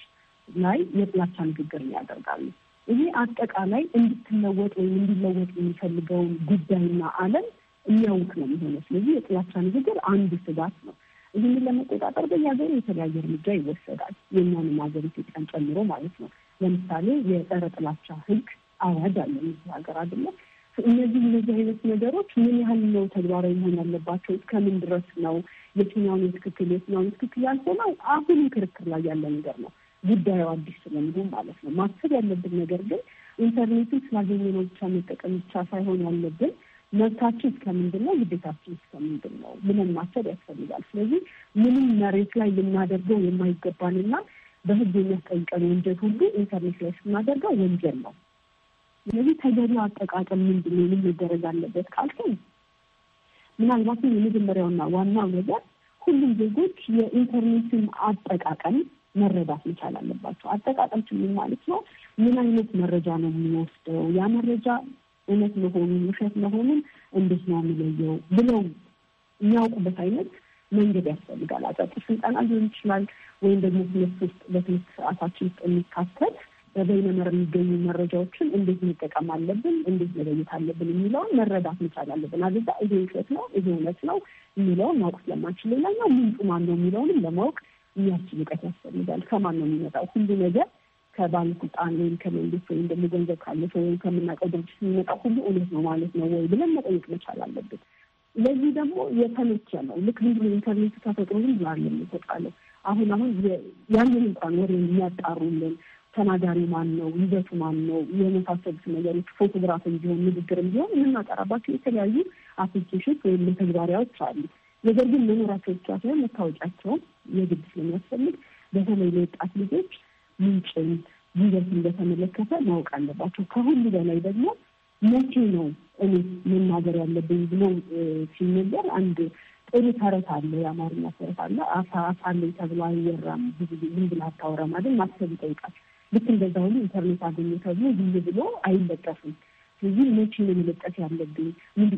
ላይ የጥላቻ ንግግር ያደርጋሉ። ይሄ አጠቃላይ እንድትለወጥ ወይም እንዲለወጥ የሚፈልገውን ጉዳይና ዓለም የሚያውቅ ነው የሚሆነው። ስለዚህ የጥላቻ ንግግር አንዱ ስጋት ነው። ይህንን ለመቆጣጠር በየሀገሩ የተለያየ እርምጃ ይወሰዳል። የእኛንም ሀገር ኢትዮጵያን ጨምሮ ማለት ነው። ለምሳሌ የጸረ ጥላቻ ህግ አዋጅ አለ እዚህ ሀገር አይደለ። እነዚህ እነዚህ አይነት ነገሮች ምን ያህል ነው ተግባራዊ መሆን ያለባቸው? እስከምን ድረስ ነው? የትኛውን ትክክል የትኛውን ትክክል ያልሆነው አሁንም ክርክር ላይ ያለ ነገር ነው። ጉዳዩ አዲስ ስለሚሆኑ ማለት ነው። ማሰብ ያለብን ነገር ግን ኢንተርኔትን ነው ብቻ መጠቀም ብቻ ሳይሆን ያለብን መብታችን እስከምንድን ነው፣ ግዴታችን እስከምንድን ነው ምንም ማሰብ ያስፈልጋል። ስለዚህ ምንም መሬት ላይ ልናደርገው የማይገባንና በህግ የሚያስጠይቀን ወንጀል ሁሉ ኢንተርኔት ላይ ስናደርገው ወንጀል ነው። ስለዚህ ተገቢው አጠቃቀም ምንድን ነው መደረግ አለበት ካልከኝ ምናልባትም የመጀመሪያውና ዋናው ነገር ሁሉም ዜጎች የኢንተርኔትን አጠቃቀም መረዳት መቻል አለባቸው። አጠቃቀም ችግር ማለት ነው። ምን አይነት መረጃ ነው የሚወስደው? ያ መረጃ እውነት መሆኑን ውሸት መሆኑን እንዴት ነው የሚለየው? ብለው የሚያውቁበት አይነት መንገድ ያስፈልጋል። አጫጭር ስልጠና ሊሆን ይችላል፣ ወይም ደግሞ ትምህርት ውስጥ በትምህርት ሰዓታችን ውስጥ የሚካተት በበይነመር የሚገኙ መረጃዎችን እንዴት መጠቀም አለብን፣ እንዴት መለየት አለብን የሚለውን መረዳት መቻል አለብን። አገዛ ይሄ ውሸት ነው፣ ይሄ እውነት ነው የሚለውን ማወቅ ስለማንችል ሌላኛው ምንጩ ማን ነው የሚለውንም ለማወቅ ያች ልቀት ያስፈልጋል። ከማን ነው የሚመጣው? ሁሉ ነገር ከባለስልጣን ወይም ከመንግስት ወይም ደግሞ ገንዘብ ካለ ሰው ወይም ከምናውቀው ድርጅት የሚመጣው ሁሉ እውነት ነው ማለት ነው ወይ ብለን መጠየቅ መቻል አለብን። ለዚህ ደግሞ የተመቸ ነው። ልክ ምንድን ኢንተርኔት ኢንተርኔቱ ተፈጥሮ ዝም ብሎ የሚሰጣለው አሁን አሁን ያንን እንኳን ወሬ የሚያጣሩልን ተናጋሪ ማን ነው፣ ይዘቱ ማን ነው፣ የመሳሰሉት ነገሮች ፎቶግራፍ ቢሆን ንግግርም ቢሆን የምናጠራባቸው የተለያዩ አፕሊኬሽን ወይም መተግበሪያዎች አሉ። ነገር ግን መኖራቸው ብቻ ሳይሆን መታወቂያቸውም የግድ ስለሚያስፈልግ በተለይ ለወጣት ልጆች ምንጭን ይዘትን በተመለከተ ማወቅ አለባቸው። ከሁሉ በላይ ደግሞ መቼ ነው እኔ መናገር ያለብኝ ብሎ ሲነገር አንድ ጥሩ ተረት አለ፣ የአማርኛ ተረት አለ። አሳ አሳለኝ ተብሎ አይወራም፣ ዝም ብላ አታወራም አይደል? ማሰብ ይጠይቃል። ልክ እንደዛ ሁሉ ኢንተርኔት አገኘ ተብሎ ዝም ብሎ አይለጠፍም። ስለዚህ መቼ ነው መለቀስ ያለብኝ፣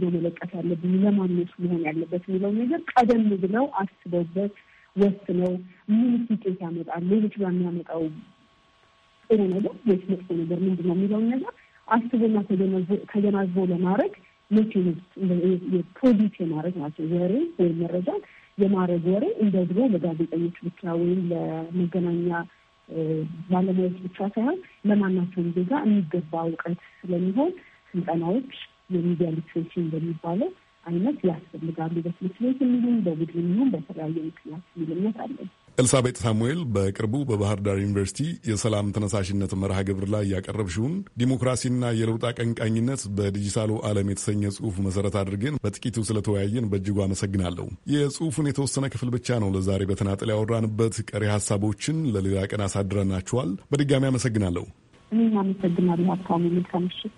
ነው መለቀስ ያለብኝ፣ ለማነሱ መሆን ያለበት የሚለው ነገር ቀደም ብለው አስበውበት ወስነው ምን ውጤት ያመጣል፣ ሌሎች በሚያመጣው ጥሩ ነገር ወይስ መጥፎ ነገር ነው የሚለውን ነገር አስቦና ተገናዝቦ ለማድረግ መቼ የፖሊስ የማድረግ ናቸው ወሬ ወይም መረጃ የማድረግ ወሬ እንደ ድሮ ለጋዜጠኞች ብቻ ወይም ለመገናኛ ባለሙያዎች ብቻ ሳይሆን ለማናቸውም ዜጋ የሚገባ እውቀት ስለሚሆን ስልጠናዎች የሚዲያ ሊትሬሽን እንደሚባለው አይነት ያስፈልጋሉ። በትምህርት ቤት የሚሆን በቡድን የሚሆን በተለያየ ምክንያት የሚልነት አለን። ኤልሳቤጥ ሳሙኤል በቅርቡ በባህር ዳር ዩኒቨርሲቲ የሰላም ተነሳሽነት መርሃ ግብር ላይ ያቀረብሽውን ዲሞክራሲና የለውጥ አቀንቃኝነት በዲጂታሉ ዓለም የተሰኘ ጽሁፍ መሰረት አድርገን በጥቂቱ ስለተወያየን በእጅጉ አመሰግናለሁ። የጽሁፉን የተወሰነ ክፍል ብቻ ነው ለዛሬ በተናጠል ያወራንበት። ቀሪ ሀሳቦችን ለሌላ ቀን አሳድረናችኋል። በድጋሚ አመሰግናለሁ። እኔም አመሰግናለሁ።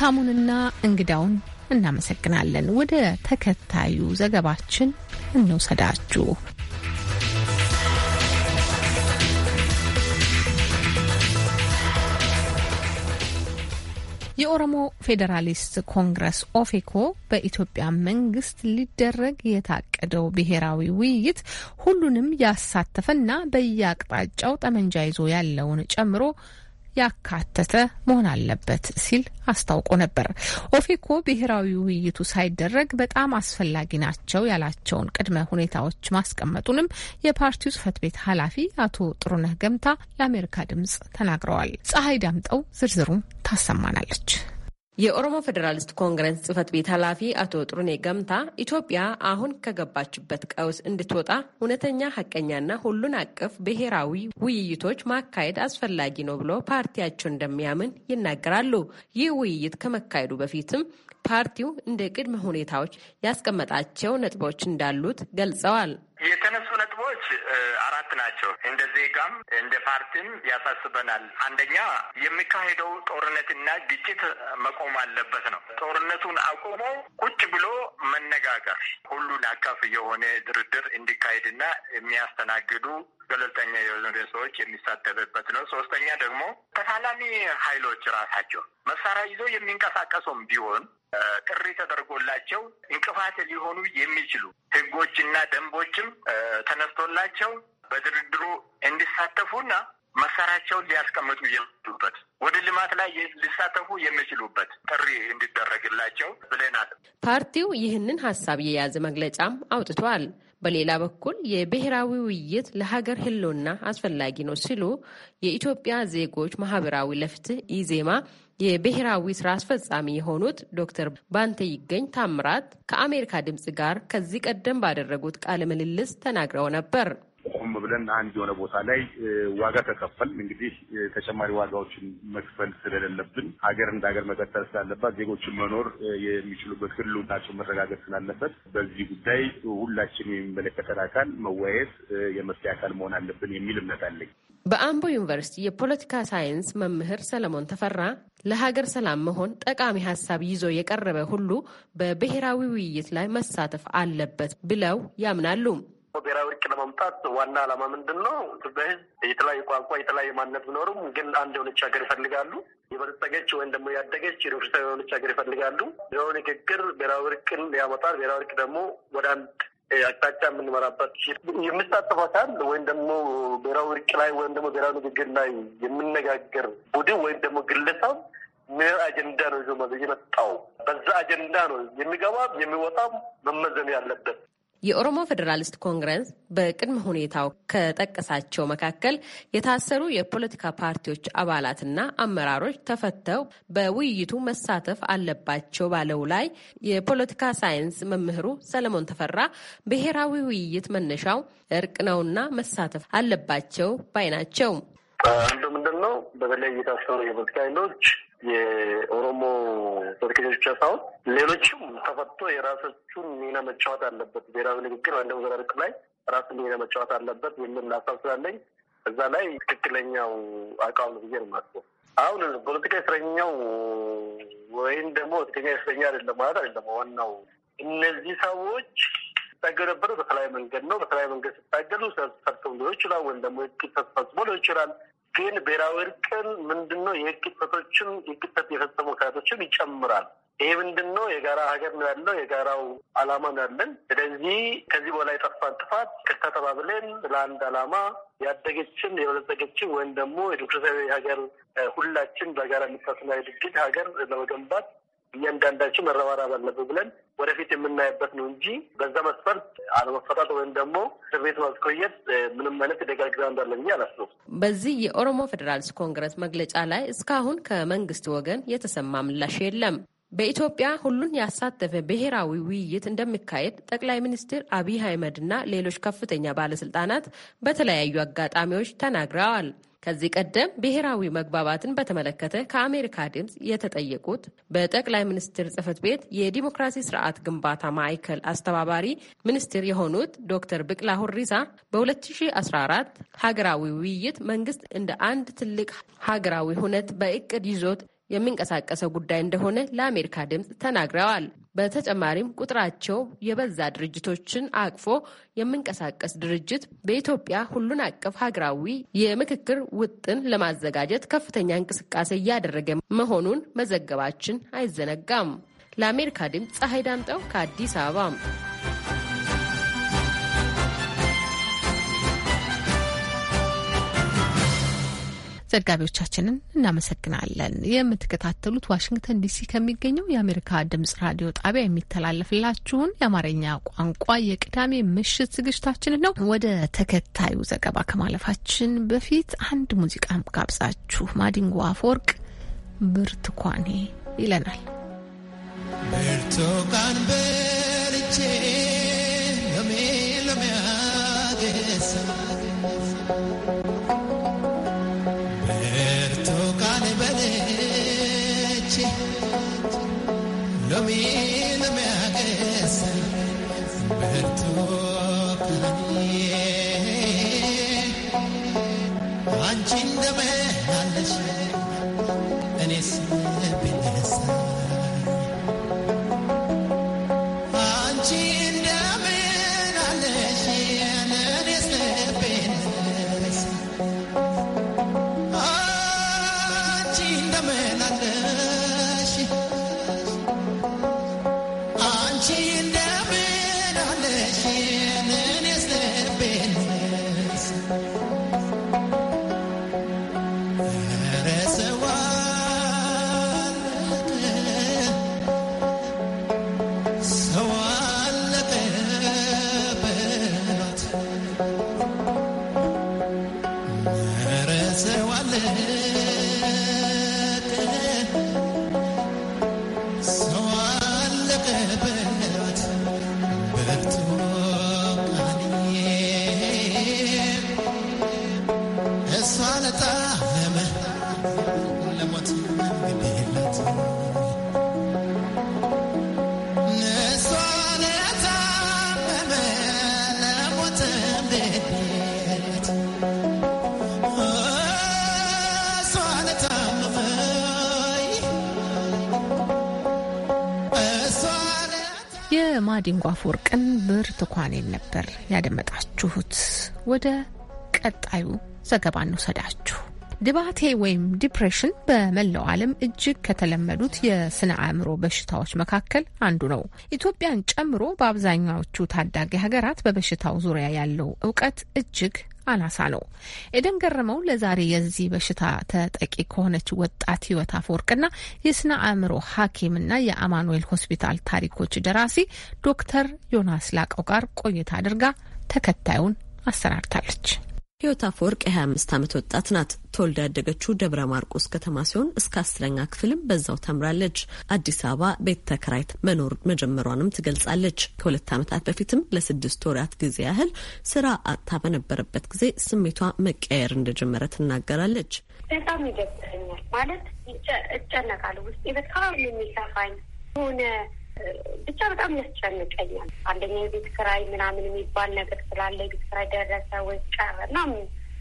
ሀብታሙንና እንግዳውን እናመሰግናለን። ወደ ተከታዩ ዘገባችን እንውሰዳችሁ። የኦሮሞ ፌዴራሊስት ኮንግረስ ኦፌኮ በኢትዮጵያ መንግስት ሊደረግ የታቀደው ብሔራዊ ውይይት ሁሉንም ያሳተፈና በየአቅጣጫው ጠመንጃ ይዞ ያለውን ጨምሮ ያካተተ መሆን አለበት ሲል አስታውቆ ነበር። ኦፌኮ ብሔራዊ ውይይቱ ሳይደረግ በጣም አስፈላጊ ናቸው ያላቸውን ቅድመ ሁኔታዎች ማስቀመጡንም የፓርቲው ጽህፈት ቤት ኃላፊ አቶ ጥሩነህ ገምታ ለአሜሪካ ድምጽ ተናግረዋል። ፀሐይ ዳምጠው ዝርዝሩን ታሰማናለች። የኦሮሞ ፌዴራሊስት ኮንግረስ ጽህፈት ቤት ኃላፊ አቶ ጥሩኔ ገምታ ኢትዮጵያ አሁን ከገባችበት ቀውስ እንድትወጣ እውነተኛ ሀቀኛና ሁሉን አቀፍ ብሔራዊ ውይይቶች ማካሄድ አስፈላጊ ነው ብሎ ፓርቲያቸው እንደሚያምን ይናገራሉ። ይህ ውይይት ከመካሄዱ በፊትም ፓርቲው እንደ ቅድመ ሁኔታዎች ያስቀመጣቸው ነጥቦች እንዳሉት ገልጸዋል። የተነሱ ነጥቦች ሁለት ናቸው። እንደ ዜጋም እንደ ፓርቲም ያሳስበናል። አንደኛ የሚካሄደው ጦርነትና ግጭት መቆም አለበት ነው። ጦርነቱን አቁሞ ቁጭ ብሎ መነጋገር፣ ሁሉን አቀፍ የሆነ ድርድር እንዲካሄድና የሚያስተናግዱ ገለልተኛ የሆኑ ሰዎች የሚሳተፍበት ነው። ሶስተኛ ደግሞ ተፋላሚ ኃይሎች ራሳቸው መሳሪያ ይዞ የሚንቀሳቀሱም ቢሆን ጥሪ ተደርጎላቸው እንቅፋት ሊሆኑ የሚችሉ ህጎችና ደንቦችም ተነስቶላቸው በድርድሩ እንዲሳተፉና መሳሪያቸውን ሊያስቀምጡ የሚችሉበት ወደ ልማት ላይ ሊሳተፉ የሚችሉበት ጥሪ እንዲደረግላቸው ብለናል። ፓርቲው ይህንን ሀሳብ የያዘ መግለጫም አውጥቷል። በሌላ በኩል የብሔራዊ ውይይት ለሀገር ሕልውና አስፈላጊ ነው ሲሉ የኢትዮጵያ ዜጎች ማህበራዊ ለፍትህ ኢዜማ የብሔራዊ ስራ አስፈጻሚ የሆኑት ዶክተር ባንተ ይገኝ ታምራት ከአሜሪካ ድምፅ ጋር ከዚህ ቀደም ባደረጉት ቃለ ምልልስ ተናግረው ነበር። ቆም ብለን አንድ የሆነ ቦታ ላይ ዋጋ ተከፈል እንግዲህ ተጨማሪ ዋጋዎችን መክፈል ስለሌለብን ሀገር እንደ ሀገር መቀጠል ስላለባት ዜጎችን መኖር የሚችሉበት ህልውናቸው መረጋገጥ ስላለበት በዚህ ጉዳይ ሁላችን የሚመለከተን አካል መወያየት የመፍትሄ አካል መሆን አለብን የሚል እምነት አለኝ። በአምቦ ዩኒቨርሲቲ የፖለቲካ ሳይንስ መምህር ሰለሞን ተፈራ ለሀገር ሰላም መሆን ጠቃሚ ሀሳብ ይዞ የቀረበ ሁሉ በብሔራዊ ውይይት ላይ መሳተፍ አለበት ብለው ያምናሉ። ብሔራዊ እርቅ ለመምጣት ዋና ዓላማ ምንድን ነው? በህዝብ የተለያዩ ቋንቋ የተለያዩ ማንነት ቢኖሩም ግን አንድ የሆነች ሀገር ይፈልጋሉ። የበለጸገች ወይም ደግሞ ያደገች ሪፍርሰ የሆነች ሀገር ይፈልጋሉ። ብሔራዊ ንግግር ብሔራዊ እርቅን ያመጣል። ብሔራዊ እርቅ ደግሞ ወደ አንድ አቅጣጫ የምንመራበት የምሳተፍ አካል ወይም ደግሞ ብሔራዊ እርቅ ላይ ወይም ደግሞ ብሔራዊ ንግግር ላይ የምነጋገር ቡድን ወይም ደግሞ ግለሰብ ምን አጀንዳ ነው ይዞ የመጣው? በዛ አጀንዳ ነው የሚገባም የሚወጣም መመዘን ያለበት። የኦሮሞ ፌዴራሊስት ኮንግረስ በቅድመ ሁኔታው ከጠቀሳቸው መካከል የታሰሩ የፖለቲካ ፓርቲዎች አባላትና አመራሮች ተፈተው በውይይቱ መሳተፍ አለባቸው ባለው ላይ የፖለቲካ ሳይንስ መምህሩ ሰለሞን ተፈራ ብሔራዊ ውይይት መነሻው እርቅ ነውና መሳተፍ አለባቸው ባይ ናቸው። አንዱ ምንድን ነው በተለይ የታሰሩ የፖለቲካ ኃይሎች የኦሮሞ ፖለቲከኞች ብቻ ሳይሆን ሌሎችም ተፈቶ የራሳችሁን ሚና መጫወት አለበት፣ ብሔራዊ ንግግር ወይም ደግሞ ዘረርቅ ላይ ራሱ ሚና መጫወት አለበት የሚል ሀሳብ ስላለኝ እዛ ላይ ትክክለኛው አቋም ነው ብዬ ነው የማስበው። አሁን ፖለቲካ እስረኛው ወይም ደግሞ ፖለቲከኛ እስረኛ አይደለም ማለት አይደለም። ዋናው እነዚህ ሰዎች ሲታገል ነበረ በተለያዩ መንገድ ነው። በተለያዩ መንገድ ሲታገሉ ሰርተው ሊሆን ይችላል ወይም ደግሞ ተስፋስቦ ሊሆን ይችላል። ግን ብሔራዊ እርቅን ምንድነው የህግ ጥሰቶችን የህግ ጥሰት የፈጸሙ ካቶችን ይጨምራል። ይህ ምንድን ነው? የጋራ ሀገር ነው ያለው፣ የጋራው አላማ ነው ያለን። ስለዚህ ከዚህ በላይ የጠፋን ጥፋት ይቅርታ ተባብለን ለአንድ አላማ ያደገችን የበለጸገችን ወይም ደግሞ የዲሞክራሲያዊ ሀገር ሁላችን በጋራ የሚሳስና የድግድ ሀገር ለመገንባት እያንዳንዳችን መረባረብ አለብን ብለን ወደፊት የምናይበት ነው እንጂ በዛ መስፈርት አለመፈጣት ወይም ደግሞ እስር ቤት ማስቆየት ምንም አይነት ደጋግ እንዳለ ብዬ አላስብም። በዚህ የኦሮሞ ፌዴራልስ ኮንግረስ መግለጫ ላይ እስካሁን ከመንግስት ወገን የተሰማ ምላሽ የለም። በኢትዮጵያ ሁሉን ያሳተፈ ብሔራዊ ውይይት እንደሚካሄድ ጠቅላይ ሚኒስትር አብይ አህመድ እና ሌሎች ከፍተኛ ባለስልጣናት በተለያዩ አጋጣሚዎች ተናግረዋል። ከዚህ ቀደም ብሔራዊ መግባባትን በተመለከተ ከአሜሪካ ድምፅ የተጠየቁት በጠቅላይ ሚኒስትር ጽህፈት ቤት የዲሞክራሲ ስርዓት ግንባታ ማዕከል አስተባባሪ ሚኒስትር የሆኑት ዶክተር ብቅላ ሁሪሳ በ2014 ሀገራዊ ውይይት መንግስት እንደ አንድ ትልቅ ሀገራዊ ሁነት በእቅድ ይዞት የሚንቀሳቀሰው ጉዳይ እንደሆነ ለአሜሪካ ድምፅ ተናግረዋል። በተጨማሪም ቁጥራቸው የበዛ ድርጅቶችን አቅፎ የሚንቀሳቀስ ድርጅት በኢትዮጵያ ሁሉን አቀፍ ሀገራዊ የምክክር ውጥን ለማዘጋጀት ከፍተኛ እንቅስቃሴ እያደረገ መሆኑን መዘገባችን አይዘነጋም። ለአሜሪካ ድምፅ ፀሐይ ዳምጠው ከአዲስ አበባ ዘጋቢዎቻችንን እናመሰግናለን። የምትከታተሉት ዋሽንግተን ዲሲ ከሚገኘው የአሜሪካ ድምጽ ራዲዮ ጣቢያ የሚተላለፍላችሁን የአማርኛ ቋንቋ የቅዳሜ ምሽት ዝግጅታችንን ነው። ወደ ተከታዩ ዘገባ ከማለፋችን በፊት አንድ ሙዚቃ ጋብዛችሁ ማዲንጎ አፈወርቅ ብርቱካኔ ይለናል። ብርቱካን በልቼ ነሽ እንደምን አለሽ እኔስ እንደምን አለሽ ድንጓ አፈወርቅን ብርቱካኔን ነበር ያደመጣችሁት። ወደ ቀጣዩ ዘገባ እንውሰዳችሁ። ድባቴ ወይም ዲፕሬሽን በመላው ዓለም እጅግ ከተለመዱት የስነ አእምሮ በሽታዎች መካከል አንዱ ነው። ኢትዮጵያን ጨምሮ በአብዛኛዎቹ ታዳጊ ሀገራት በበሽታው ዙሪያ ያለው እውቀት እጅግ አናሳ ነው። ኤደን ገረመው ለዛሬ የዚህ በሽታ ተጠቂ ከሆነች ወጣት ህይወት አፈወርቅና የስነ አእምሮ ሐኪምና የአማኑኤል ሆስፒታል ታሪኮች ደራሲ ዶክተር ዮናስ ላቀው ጋር ቆይታ አድርጋ ተከታዩን አሰናድታለች። ህይወት አፈወርቅ የ25 ዓመት ወጣት ናት። ተወልዳ ያደገችው ደብረ ማርቆስ ከተማ ሲሆን እስከ አስረኛ ክፍልም በዛው ተምራለች። አዲስ አበባ ቤት ተከራይት መኖር መጀመሯንም ትገልጻለች። ከሁለት ዓመታት በፊትም ለስድስት ወራት ጊዜ ያህል ስራ አጥታ በነበረበት ጊዜ ስሜቷ መቀየር እንደጀመረ ትናገራለች። በጣም ይደብረኛል ማለት እጨነቃለሁ። ውስጤ በጣም የሚሰፋኝ ሆነ ብቻ በጣም ያስጨንቀኛል። አንደኛ የቤት ኪራይ ምናምን የሚባል ነገር ስላለ የቤት ኪራይ ደረሰ ወይ ቀረ ምናምን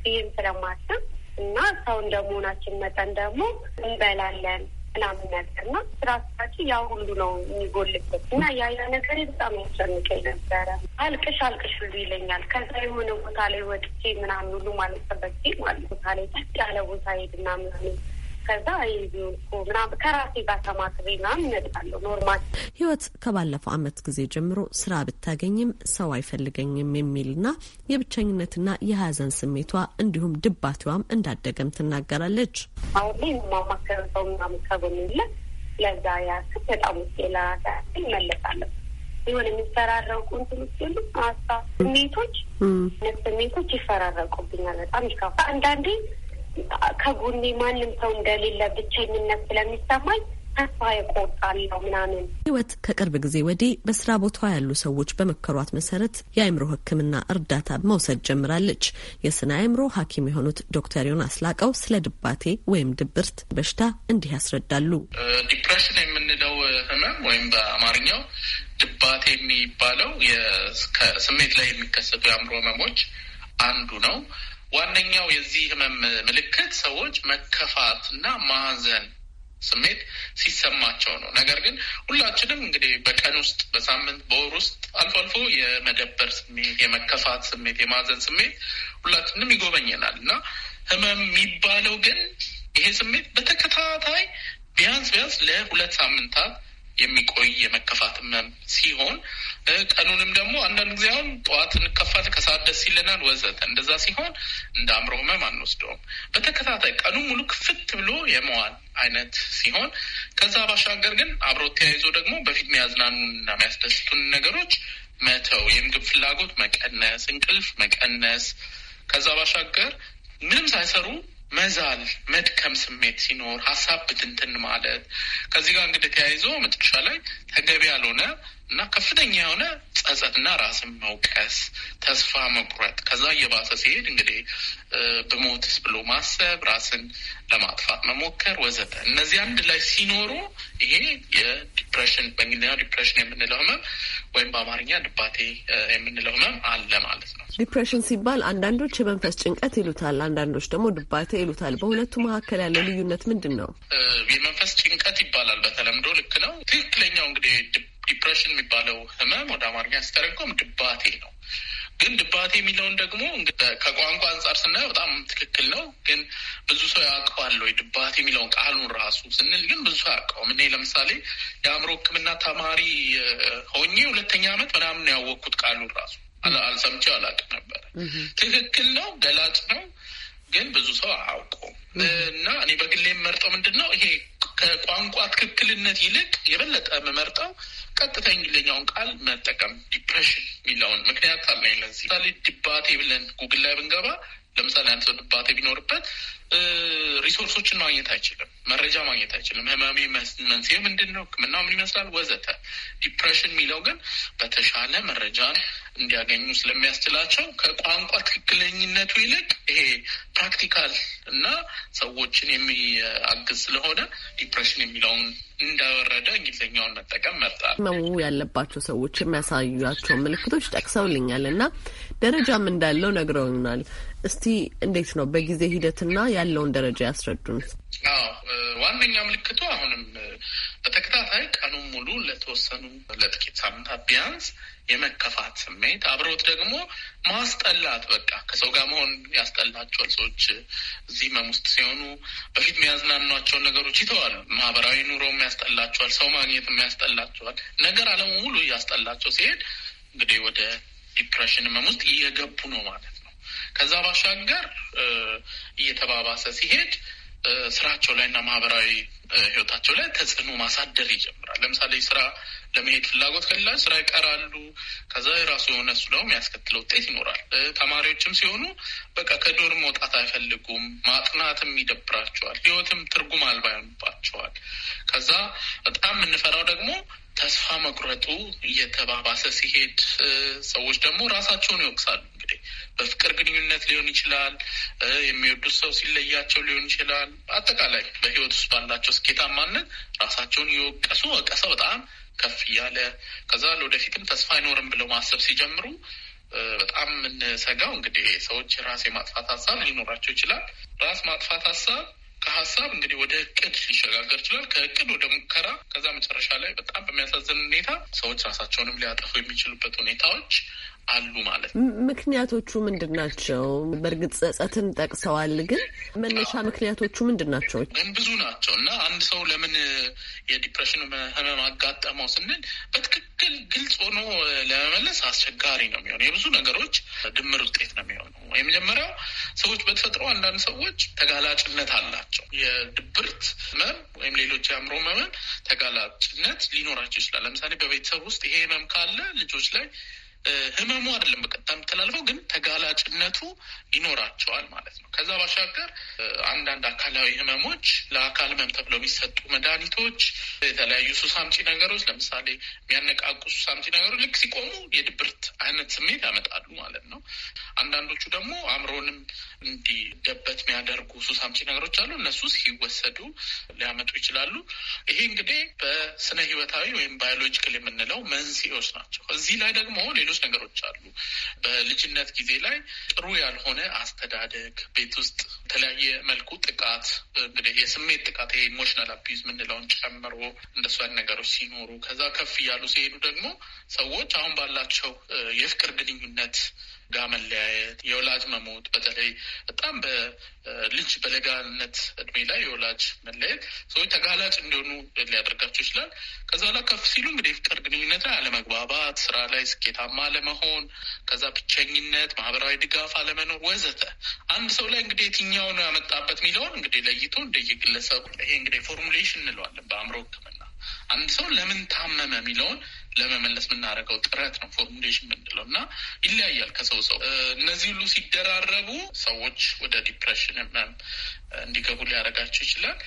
ይህም ስለማስብ እና ሰው እንደ መሆናችን መጠን ደግሞ እንበላለን ምናምን ነገር እና ስራ ስራች ያ ሁሉ ነው የሚጎልበት እና ያ ያ ነገር በጣም ያስጨንቀኝ ነበረ። አልቅሽ አልቅሽ ሁሉ ይለኛል። ከዛ የሆነ ቦታ ላይ ወጥቼ ምናምን ሁሉ ማለት ሰበት ማለት ቦታ ላይ ያለ ቦታ ሄድና ምናምን ከዛ ከራሴ ጋር ተማክሬ ምናምን እነጥቃለሁ። ኖርማል ህይወት ከባለፈው አመት ጊዜ ጀምሮ ስራ ብታገኝም ሰው አይፈልገኝም የሚልና የብቸኝነትና የሀዘን ስሜቷ እንዲሁም ድባቴዋም እንዳደገም ትናገራለች። አሁን ላይ ማማከረ ሰው ምናምን ከጎን ለ ለዛ ያክል በጣም ውስጤ ለራሴ ይመለሳለሁ የሆነ የሚፈራረቁ እንትኖች የሉ ሀሳብ ስሜቶች ስሜቶች ይፈራረቁብኛል። በጣም ይካፋ አንዳንዴ ከጎኔ ማንም ሰው እንደሌለ ብቸኝነት ስለሚሰማኝ ተስፋ የቆርጣለሁ ምናምን። ህይወት ከቅርብ ጊዜ ወዲህ በስራ ቦታ ያሉ ሰዎች በመከሯት መሰረት የአእምሮ ሕክምና እርዳታ መውሰድ ጀምራለች። የስነ አእምሮ ሐኪም የሆኑት ዶክተር ዮናስ ላቀው ስለ ድባቴ ወይም ድብርት በሽታ እንዲህ ያስረዳሉ። ዲፕሬሽን የምንለው ህመም ወይም በአማርኛው ድባቴ የሚባለው ስሜት ላይ የሚከሰቱ የአእምሮ ህመሞች አንዱ ነው። ዋነኛው የዚህ ህመም ምልክት ሰዎች መከፋት እና ማዘን ስሜት ሲሰማቸው ነው። ነገር ግን ሁላችንም እንግዲህ በቀን ውስጥ፣ በሳምንት፣ በወር ውስጥ አልፎ አልፎ የመደበር ስሜት፣ የመከፋት ስሜት፣ የማዘን ስሜት ሁላችንም ይጎበኘናል እና ህመም የሚባለው ግን ይሄ ስሜት በተከታታይ ቢያንስ ቢያንስ ለሁለት ሳምንታት የሚቆይ የመከፋት ህመም ሲሆን ቀኑንም ደግሞ አንዳንድ ጊዜ አሁን ጠዋት እንከፋት ከሰዓት ደስ ይለናል ወዘተ። እንደዛ ሲሆን እንደ አእምሮ ህመም አንወስደውም። በተከታታይ ቀኑ ሙሉ ክፍት ብሎ የመዋል አይነት ሲሆን ከዛ ባሻገር ግን አብሮ ተያይዞ ደግሞ በፊት የሚያዝናኑንና የሚያስደስቱን ነገሮች መተው፣ የምግብ ፍላጎት መቀነስ፣ እንቅልፍ መቀነስ፣ ከዛ ባሻገር ምንም ሳይሰሩ መዛል፣ መድከም ስሜት ሲኖር ሀሳብ ብትንትን ማለት ከዚህ ጋር እንግዲህ ተያይዞ መጨረሻ ላይ ተገቢ ያልሆነ እና ከፍተኛ የሆነ ጸጸትና ራስን መውቀስ፣ ተስፋ መቁረጥ፣ ከዛ እየባሰ ሲሄድ እንግዲህ ብሞትስ ብሎ ማሰብ፣ ራስን ለማጥፋት መሞከር ወዘተ። እነዚህ አንድ ላይ ሲኖሩ ይሄ የዲፕሬሽን በእንግሊዝኛ ዲፕሬሽን የምንለው ህመም ወይም በአማርኛ ድባቴ የምንለው ህመም አለ ማለት ነው። ዲፕሬሽን ሲባል አንዳንዶች የመንፈስ ጭንቀት ይሉታል፣ አንዳንዶች ደግሞ ድባቴ ይሉታል። በሁለቱ መካከል ያለው ልዩነት ምንድን ነው? የመንፈስ ጭንቀት ይባላል በተለምዶ ልክ ነው። ትክክለኛው እንግዲህ ዲፕሬሽን የሚባለው ህመም ወደ አማርኛ ሲተረጎም ድባቴ ነው። ግን ድባቴ የሚለውን ደግሞ ከቋንቋ አንጻር ስናየው በጣም ትክክል ነው። ግን ብዙ ሰው ያውቀዋል ወይ? ድባቴ የሚለውን ቃሉን ራሱ ስንል ግን ብዙ ሰው ያውቀውም። እኔ ለምሳሌ የአእምሮ ሕክምና ተማሪ ሆኜ ሁለተኛ ዓመት ምናምን ያወቅኩት ቃሉን ራሱ አልሰምቼው አላውቅም ነበረ። ትክክል ነው፣ ገላጭ ነው። ግን ብዙ ሰው አያውቀውም እና እኔ በግሌ የምመርጠው ምንድን ነው ይሄ ከቋንቋ ትክክልነት ይልቅ የበለጠ የምመርጠው ቀጥታ እንግሊዝኛውን ቃል መጠቀም ዲፕሬሽን የሚለውን ምክንያት አለኝ። ለዚህ ምሳሌ ድባቴ ብለን ጉግል ላይ ብንገባ፣ ለምሳሌ አንድ ሰው ድባቴ ቢኖርበት ሪሶርሶችን ማግኘት አይችልም። መረጃ ማግኘት አይችልም። ህመሜ መንስኤ ምንድን ነው? ህክምና ምን ይመስላል? ወዘተ። ዲፕሬሽን የሚለው ግን በተሻለ መረጃን እንዲያገኙ ስለሚያስችላቸው ከቋንቋ ትክክለኝነቱ ይልቅ ይሄ ፕራክቲካል እና ሰዎችን የሚያግዝ ስለሆነ ዲፕሬሽን የሚለውን እንዳወረደ እንግሊዝኛውን መጠቀም መርጣል። መሙ ያለባቸው ሰዎች የሚያሳዩቸውን ምልክቶች ጠቅሰውልኛል እና ደረጃም እንዳለው ነግረውናል። እስቲ እንዴት ነው በጊዜ ሂደትና ያለውን ደረጃ ያስረዱን። አዎ ዋነኛ ምልክቱ አሁንም በተከታታይ ቀኑን ሙሉ ለተወሰኑ ለጥቂት ሳምንታት ቢያንስ የመከፋት ስሜት አብረውት ደግሞ ማስጠላት፣ በቃ ከሰው ጋር መሆን ያስጠላቸዋል። ሰዎች እዚህ ህመም ውስጥ ሲሆኑ በፊት የሚያዝናኗቸውን ነገሮች ይተዋል። ማህበራዊ ኑሮ ያስጠላቸዋል። ሰው ማግኘት ያስጠላቸዋል። ነገር አለሙ ሙሉ እያስጠላቸው ሲሄድ እንግዲህ ወደ ዲፕሬሽን ህመም ውስጥ እየገቡ ነው ማለት ነው። ከዛ ባሻገር እየተባባሰ ሲሄድ ስራቸው ላይ እና ማህበራዊ ህይወታቸው ላይ ተጽዕኖ ማሳደር ይጀምራል። ለምሳሌ ስራ ለመሄድ ፍላጎት ከላ ስራ ይቀራሉ። ከዛ የራሱ የሆነ እሱ ደግሞ የሚያስከትለው ውጤት ይኖራል። ተማሪዎችም ሲሆኑ በቃ ከዶርም መውጣት አይፈልጉም። ማጥናትም ይደብራቸዋል። ህይወትም ትርጉም አልባ ይሆንባቸዋል። ከዛ በጣም የምንፈራው ደግሞ ተስፋ መቁረጡ እየተባባሰ ሲሄድ ሰዎች ደግሞ ራሳቸውን ይወቅሳሉ። እንግዲህ በፍቅር ግንኙነት ሊሆን ይችላል፣ የሚወዱት ሰው ሲለያቸው ሊሆን ይችላል። አጠቃላይ በህይወት ውስጥ ባላቸው ስኬታማነት ራሳቸውን እየወቀሱ ወቀሰው በጣም ከፍ እያለ ከዛ ለወደፊትም ተስፋ አይኖርም ብለው ማሰብ ሲጀምሩ በጣም የምንሰጋው እንግዲህ ሰዎች ራስ የማጥፋት ሀሳብ ሊኖራቸው ይችላል። ራስ ማጥፋት ሀሳብ ከሀሳብ እንግዲህ ወደ እቅድ ሊሸጋገር ይችላል። ከእቅድ ወደ ሙከራ፣ ከዛ መጨረሻ ላይ በጣም በሚያሳዝን ሁኔታ ሰዎች ራሳቸውንም ሊያጠፉ የሚችሉበት ሁኔታዎች አሉ ማለት ነው። ምክንያቶቹ ምንድን ናቸው? በእርግጥ ጸጸትን ጠቅሰዋል፣ ግን መነሻ ምክንያቶቹ ምንድን ናቸው? ብዙ ናቸው እና አንድ ሰው ለምን የዲፕሬሽን ህመም አጋጠመው ስንል በትክክል ግልጽ ሆኖ ለመመለስ አስቸጋሪ ነው የሚሆነ የብዙ ነገሮች ድምር ውጤት ነው የሚሆነው። የመጀመሪያው ሰዎች በተፈጥሮ አንዳንድ ሰዎች ተጋላጭነት አላቸው። የድብርት ህመም ወይም ሌሎች የአእምሮ ህመም ተጋላጭነት ሊኖራቸው ይችላል። ለምሳሌ በቤተሰብ ውስጥ ይሄ ህመም ካለ ልጆች ላይ ህመሙ አይደለም በቀጥታ የምተላልፈው፣ ግን ተጋላጭነቱ ይኖራቸዋል ማለት ነው። ከዛ ባሻገር አንዳንድ አካላዊ ህመሞች ለአካል ህመም ተብለው የሚሰጡ መድኃኒቶች፣ የተለያዩ ሱስ አምጪ ነገሮች ለምሳሌ የሚያነቃቁ ሱስ አምጪ ነገሮች ልክ ሲቆሙ የድብርት አይነት ስሜት ያመጣሉ ማለት ነው። አንዳንዶቹ ደግሞ አእምሮንም እንዲደበት የሚያደርጉ ሱስ አምጪ ነገሮች አሉ። እነሱ ሲወሰዱ ሊያመጡ ይችላሉ። ይሄ እንግዲህ በስነ ህይወታዊ ወይም ባዮሎጂካል የምንለው መንስኤዎች ናቸው። እዚህ ላይ ደግሞ ሌሎች ሌሎች ነገሮች አሉ። በልጅነት ጊዜ ላይ ጥሩ ያልሆነ አስተዳደግ፣ ቤት ውስጥ የተለያየ መልኩ ጥቃት፣ እንግዲህ የስሜት ጥቃት ኢሞሽናል አቢዩዝ የምንለውን ጨምሮ እንደሱ አይነት ነገሮች ሲኖሩ ከዛ ከፍ እያሉ ሲሄዱ ደግሞ ሰዎች አሁን ባላቸው የፍቅር ግንኙነት ጋር መለያየት፣ የወላጅ መሞት በተለይ በጣም በልጅ በለጋነት እድሜ ላይ የወላጅ መለያየት ሰዎች ተጋላጭ እንዲሆኑ ሊያደርጋቸው ይችላል። ከዛ በኋላ ከፍ ሲሉ እንግዲህ የፍቅር ግንኙነት ላይ አለመግባባት፣ ስራ ላይ ስኬታማ አለመሆን፣ ከዛ ብቸኝነት፣ ማህበራዊ ድጋፍ አለመኖር ወዘተ አንድ ሰው ላይ እንግዲህ የትኛው ነው ያመጣበት የሚለውን እንግዲህ ለይቶ እንደየግለሰቡ ይሄ እንግዲህ ፎርሙሌሽን እንለዋለን በአእምሮ ሕክምና አንድ ሰው ለምን ታመመ የሚለውን ለመመለስ የምናደርገው ጥረት ነው ፎርሙሌሽን ምንለው እና ይለያያል ከሰው ሰው። እነዚህ ሁሉ ሲደራረቡ ሰዎች ወደ ዲፕሬሽን ህመም እንዲገቡ ሊያደርጋቸው ይችላል።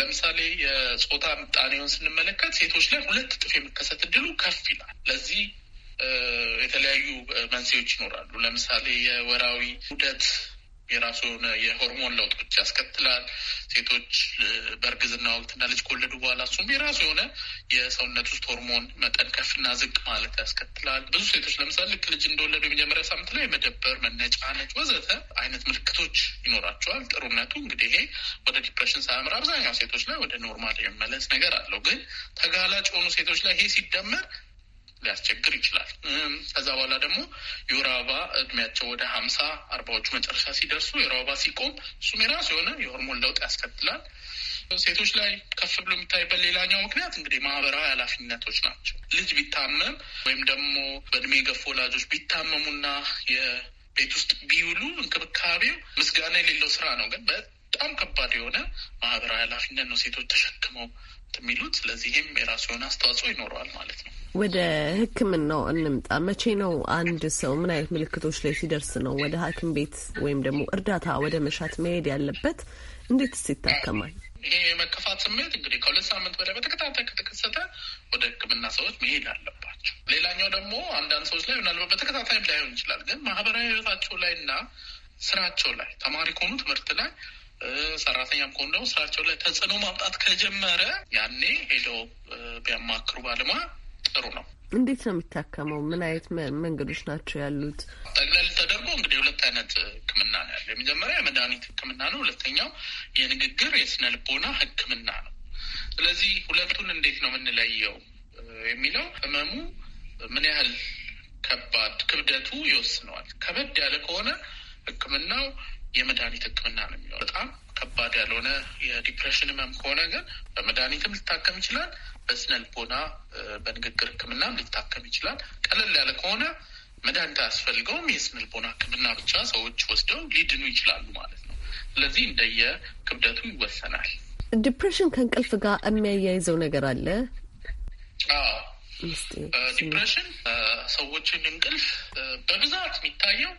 ለምሳሌ የጾታ ምጣኔውን ስንመለከት ሴቶች ላይ ሁለት እጥፍ የመከሰት እድሉ ከፍ ይላል። ለዚህ የተለያዩ መንስኤዎች ይኖራሉ። ለምሳሌ የወራዊ ውደት። የራሱ የሆነ የሆርሞን ለውጦች ያስከትላል። ሴቶች በእርግዝና ወቅትና ልጅ ከወለዱ በኋላ እሱም የራሱ የሆነ የሰውነት ውስጥ ሆርሞን መጠን ከፍና ዝቅ ማለት ያስከትላል። ብዙ ሴቶች ለምሳሌ ልክ ልጅ እንደወለዱ የመጀመሪያ ሳምንት ላይ መደበር፣ መነጫነጭ ወዘተ አይነት ምልክቶች ይኖራቸዋል። ጥሩነቱ እንግዲህ ይሄ ወደ ዲፕሬሽን ሳያምር አብዛኛው ሴቶች ላይ ወደ ኖርማል የመመለስ ነገር አለው። ግን ተጋላጭ የሆኑ ሴቶች ላይ ይሄ ሲደመር ሊያስቸግር ይችላል። ከዛ በኋላ ደግሞ የወር አበባ እድሜያቸው ወደ ሀምሳ አርባዎቹ መጨረሻ ሲደርሱ የወር አበባ ሲቆም እሱም የራሱ የሆነ የሆርሞን ለውጥ ያስከትላል። ሴቶች ላይ ከፍ ብሎ የሚታይበት ሌላኛው ምክንያት እንግዲህ ማህበራዊ ኃላፊነቶች ናቸው። ልጅ ቢታመም ወይም ደግሞ በእድሜ የገፉ ወላጆች ቢታመሙና የቤት ውስጥ ቢውሉ እንክብካቤው ምስጋና የሌለው ስራ ነው ግን በጣም ከባድ የሆነ ማህበራዊ ኃላፊነት ነው ሴቶች ተሸክመው የሚሉት። ስለዚህ ይህም የራሱ የሆነ አስተዋጽኦ ይኖረዋል ማለት ነው። ወደ ሕክምናው እንምጣ። መቼ ነው አንድ ሰው ምን አይነት ምልክቶች ላይ ሲደርስ ነው ወደ ሐኪም ቤት ወይም ደግሞ እርዳታ ወደ መሻት መሄድ ያለበት? እንዴትስ ይታከማል? ይሄ የመከፋት ስሜት እንግዲህ ከሁለት ሳምንት በላይ በተከታታይ ከተከሰተ ወደ ሕክምና ሰዎች መሄድ አለባቸው። ሌላኛው ደግሞ አንዳንድ ሰዎች ላይ ምናልባት በተከታታይም ላይሆን ይችላል፣ ግን ማህበራዊ ህይወታቸው ላይ እና ስራቸው ላይ ተማሪ ከሆኑ ትምህርት ላይ ሰራተኛም ከሆኑ ደግሞ ስራቸው ላይ ተጽዕኖ ማምጣት ከጀመረ ያኔ ሄደው ቢያማክሩ ባለሙያ ጥሩ ነው። እንዴት ነው የሚታከመው? ምን አይነት መንገዶች ናቸው ያሉት? ጠቅለል ተደርጎ እንግዲህ ሁለት አይነት ሕክምና ነው ያለው። የመጀመሪያ የመድኃኒት ሕክምና ነው። ሁለተኛው የንግግር የስነ ልቦና ሕክምና ነው። ስለዚህ ሁለቱን እንዴት ነው የምንለየው የሚለው ህመሙ ምን ያህል ከባድ ክብደቱ ይወስነዋል። ከበድ ያለ ከሆነ ሕክምናው የመድኃኒት ህክምና ነው የሚለው። በጣም ከባድ ያልሆነ የዲፕሬሽን ህመም ከሆነ ግን በመድኃኒትም ሊታከም ይችላል። በስነልቦና በንግግር ህክምናም ሊታከም ይችላል። ቀለል ያለ ከሆነ መድኃኒት አያስፈልገውም። የስነ ልቦና ብቻ ሰዎች ወስደው ሊድኑ ይችላሉ ማለት ነው። ስለዚህ እንደየ ክብደቱ ይወሰናል። ዲፕሬሽን ከእንቅልፍ ጋር የሚያያይዘው ነገር አለ። ዲፕሬሽን ሰዎችን እንቅልፍ በብዛት የሚታየው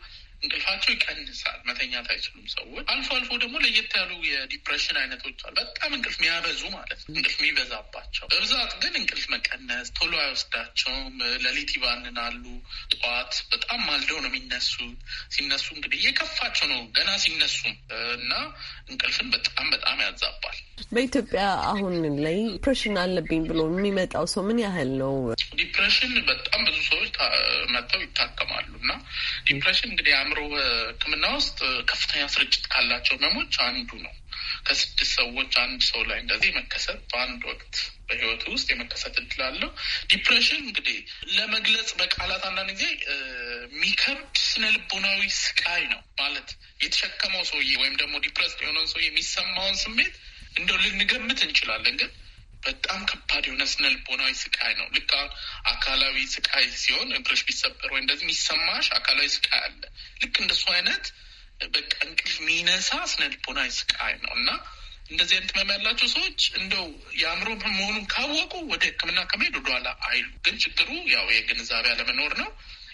እንቅልፋቸው ይቀንሳል። መተኛት አይችሉም ሰዎች። አልፎ አልፎ ደግሞ ለየት ያሉ የዲፕሬሽን አይነቶች አሉ። በጣም እንቅልፍ የሚያበዙ ማለት ነው፣ እንቅልፍ የሚበዛባቸው። በብዛት ግን እንቅልፍ መቀነስ፣ ቶሎ አይወስዳቸውም። ሌሊት ይባንናሉ። ጠዋት በጣም ማልደው ነው የሚነሱ። ሲነሱ እንግዲህ እየከፋቸው ነው ገና ሲነሱም እና እንቅልፍን በጣም በጣም ያዛባል። በኢትዮጵያ አሁን ላይ ዲፕሬሽን አለብኝ ብሎ የሚመጣው ሰው ምን ያህል ነው? ዲፕሬሽን በጣም ብዙ ሰዎች መጥተው ይታከማሉ እና ዲፕሬሽን እንግዲህ የአእምሮ ሕክምና ውስጥ ከፍተኛ ስርጭት ካላቸው መሞች አንዱ ነው። ከስድስት ሰዎች አንድ ሰው ላይ እንደዚህ መከሰት በአንድ ወቅት በህይወቱ ውስጥ የመከሰት እድል አለው። ዲፕሬሽን እንግዲህ ለመግለጽ በቃላት አንዳንድ ጊዜ የሚከብድ ስነ ልቦናዊ ስቃይ ነው ማለት የተሸከመው ሰውዬ ወይም ደግሞ ዲፕረስ የሆነውን ሰውዬ የሚሰማውን ስሜት እንደው ልንገምት እንችላለን ግን በጣም ከባድ የሆነ ስነልቦናዊ ስቃይ ነው። ልክ አካላዊ ስቃይ ሲሆን እግርሽ ቢሰበር ወይ እንደዚህ የሚሰማሽ አካላዊ ስቃይ አለ። ልክ እንደሱ አይነት በቃ እንቅልፍ የሚነሳ ስነልቦናዊ ስቃይ ነው እና እንደዚህ አይነት ህመም ያላቸው ሰዎች እንደው የአእምሮ መሆኑን ካወቁ ወደ ሕክምና ከመሄድ ወደኋላ አይሉ። ግን ችግሩ ያው የግንዛቤ አለመኖር ነው።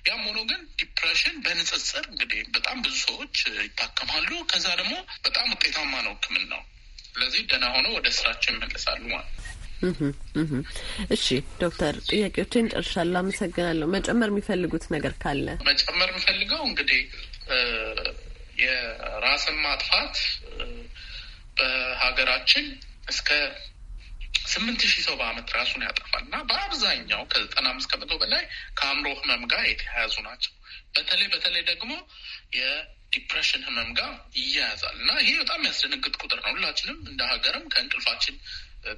ያም ሆኖ ግን ዲፕሬሽን በንጽጽር እንግዲህ በጣም ብዙ ሰዎች ይታከማሉ። ከዛ ደግሞ በጣም ውጤታማ ነው ሕክምናው። ስለዚህ ደህና ሆነው ወደ ስራቸው ይመለሳሉ ማለት ነው። እሺ ዶክተር ጥያቄዎችን ጨርሻለሁ። አመሰግናለሁ። መጨመር የሚፈልጉት ነገር ካለ መጨመር የሚፈልገው እንግዲህ የራስን ማጥፋት በሀገራችን እስከ ስምንት ሺህ ሰው በአመት ራሱን ያጠፋል እና በአብዛኛው ከዘጠና አምስት ከመቶ በላይ ከአእምሮ ህመም ጋር የተያያዙ ናቸው። በተለይ በተለይ ደግሞ የዲፕሬሽን ህመም ጋር ይያያዛል እና ይሄ በጣም ያስደነግጥ ቁጥር ነው። ሁላችንም እንደ ሀገርም ከእንቅልፋችን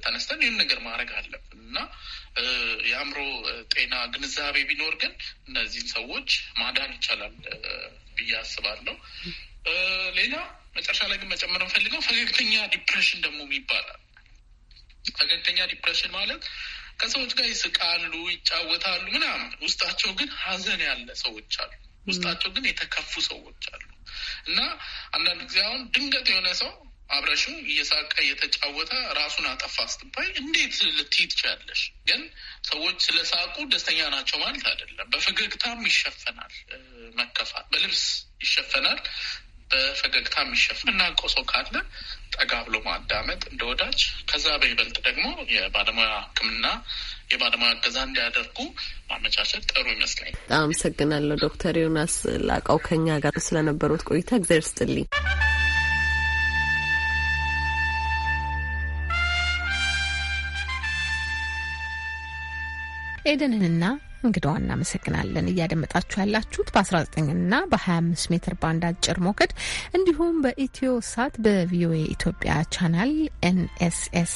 ተነስተን ይህን ነገር ማድረግ አለብን እና የአእምሮ ጤና ግንዛቤ ቢኖር ግን እነዚህን ሰዎች ማዳን ይቻላል ብዬ አስባለሁ። ሌላ መጨረሻ ላይ ግን መጨመር የምፈልገው ፈገግተኛ ዲፕሬሽን ደግሞ ይባላል። ፈገግተኛ ዲፕሬሽን ማለት ከሰዎች ጋር ይስቃሉ፣ ይጫወታሉ ምናምን ውስጣቸው ግን ሀዘን ያለ ሰዎች አሉ። ውስጣቸው ግን የተከፉ ሰዎች አሉ እና አንዳንድ ጊዜ አሁን ድንገት የሆነ ሰው አብረሽው እየሳቀ እየተጫወተ ራሱን አጠፋ ስትባይ እንዴት ልትይ ትችላለሽ? ግን ሰዎች ስለ ሳቁ ደስተኛ ናቸው ማለት አይደለም። በፈገግታም ይሸፈናል መከፋት፣ በልብስ ይሸፈናል፣ በፈገግታም ይሸፈናል። እናውቀው ሰው ካለ ጠጋ ብሎ ማዳመጥ እንደ ወዳጅ፣ ከዛ በይበልጥ ደግሞ የባለሙያ ሕክምና የባለሙያ እገዛ እንዲያደርጉ ማመቻቸት ጥሩ ይመስለኝ። በጣም አመሰግናለሁ ዶክተር ዮናስ ላቀው ከኛ ጋር ስለነበሩት ቆይታ እግዚአብሔር ይስጥልኝ። ኤደንንና እንግዳዋ እናመሰግናለን። እያደመጣችሁ ያላችሁት በ19ና በ25 ሜትር ባንድ አጭር ሞገድ እንዲሁም በኢትዮ ሳት በቪኦኤ ኢትዮጵያ ቻናል ኤንኤስኤስ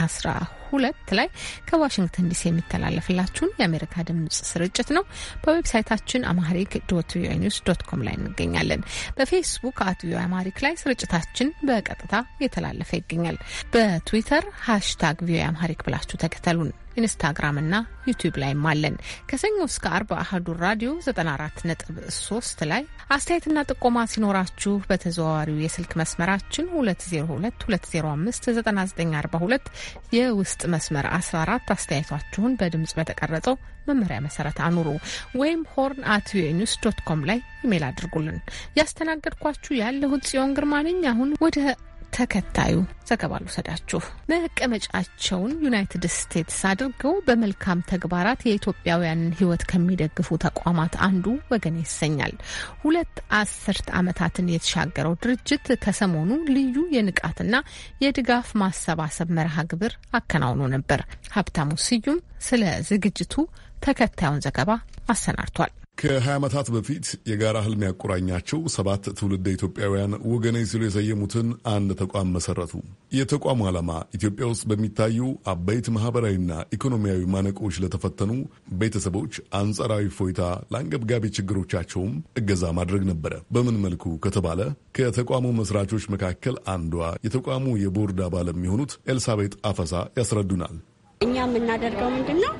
12 ላይ ከዋሽንግተን ዲሲ የሚተላለፍላችሁን የአሜሪካ ድምጽ ስርጭት ነው። በዌብሳይታችን አማሪክ ዶት ቪኦኤ ኒውስ ዶት ኮም ላይ እንገኛለን። በፌስቡክ አት ቪኦኤ አማሪክ ላይ ስርጭታችን በቀጥታ እየተላለፈ ይገኛል። በትዊተር ሃሽታግ ቪኦኤ አማሪክ ብላችሁ ተከተሉን። ኢንስታግራም እና ዩቲዩብ ላይም አለን። ከሰኞ እስከ አርብ አህዱ ራዲዮ 94.3 ላይ አስተያየትና ጥቆማ ሲኖራችሁ በተዘዋዋሪው የስልክ መስመራችን 2022059942 የውስጥ መስመር 14 አስተያየቷችሁን በድምጽ በተቀረጸው መመሪያ መሰረት አኑሩ ወይም ሆርን አት ቪኦኤ ኒውስ ዶት ኮም ላይ ኢሜል አድርጉልን። ያስተናገድኳችሁ ያለሁት ጽዮን ግርማ ነኝ። አሁን ወደ ተከታዩ ዘገባ ልውሰዳችሁ። መቀመጫቸውን ዩናይትድ ስቴትስ አድርገው በመልካም ተግባራት የኢትዮጵያውያንን ሕይወት ከሚደግፉ ተቋማት አንዱ ወገን ይሰኛል። ሁለት አስርት ዓመታትን የተሻገረው ድርጅት ከሰሞኑ ልዩ የንቃትና የድጋፍ ማሰባሰብ መርሃ ግብር አከናውኖ ነበር። ሀብታሙ ስዩም ስለ ዝግጅቱ ተከታዩን ዘገባ አሰናድቷል። ከ20 ዓመታት በፊት የጋራ ህልም ያቆራኛቸው ሰባት ትውልድ ኢትዮጵያውያን ወገነኝ ሲሉ የሰየሙትን አንድ ተቋም መሰረቱ። የተቋሙ ዓላማ ኢትዮጵያ ውስጥ በሚታዩ አበይት ማህበራዊና ኢኮኖሚያዊ ማነቆዎች ለተፈተኑ ቤተሰቦች አንጻራዊ ፎይታ፣ ለአንገብጋቢ ችግሮቻቸውም እገዛ ማድረግ ነበረ። በምን መልኩ ከተባለ ከተቋሙ መስራቾች መካከል አንዷ የተቋሙ የቦርድ አባል የሚሆኑት ኤልሳቤጥ አፈሳ ያስረዱናል። እኛ የምናደርገው ምንድን ነው?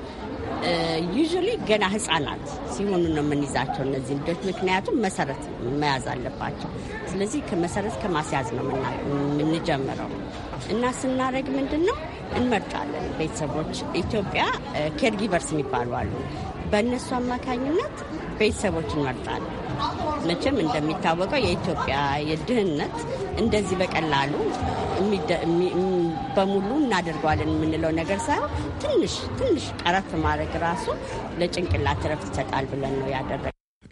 ዩዥሊ ገና ህጻናት ሲሆኑ ነው የምንይዛቸው እነዚህ ልጆች፣ ምክንያቱም መሰረት መያዝ አለባቸው። ስለዚህ ከመሰረት ከማስያዝ ነው የምንጀምረው እና ስናደርግ ምንድን ነው እንመርጣለን። ቤተሰቦች ኢትዮጵያ ኬርጊቨርስ የሚባሉ አሉ። በእነሱ አማካኝነት ቤተሰቦች እንመርጣለን። መቼም እንደሚታወቀው የኢትዮጵያ የድህነት እንደዚህ በቀላሉ በሙሉ እናደርገዋለን የምንለው ነገር ሳይሆን ትንሽ ትንሽ ቀረፍ ማድረግ ራሱ ለጭንቅላት ረፍት ይሰጣል ብለን ነው ያደረገ።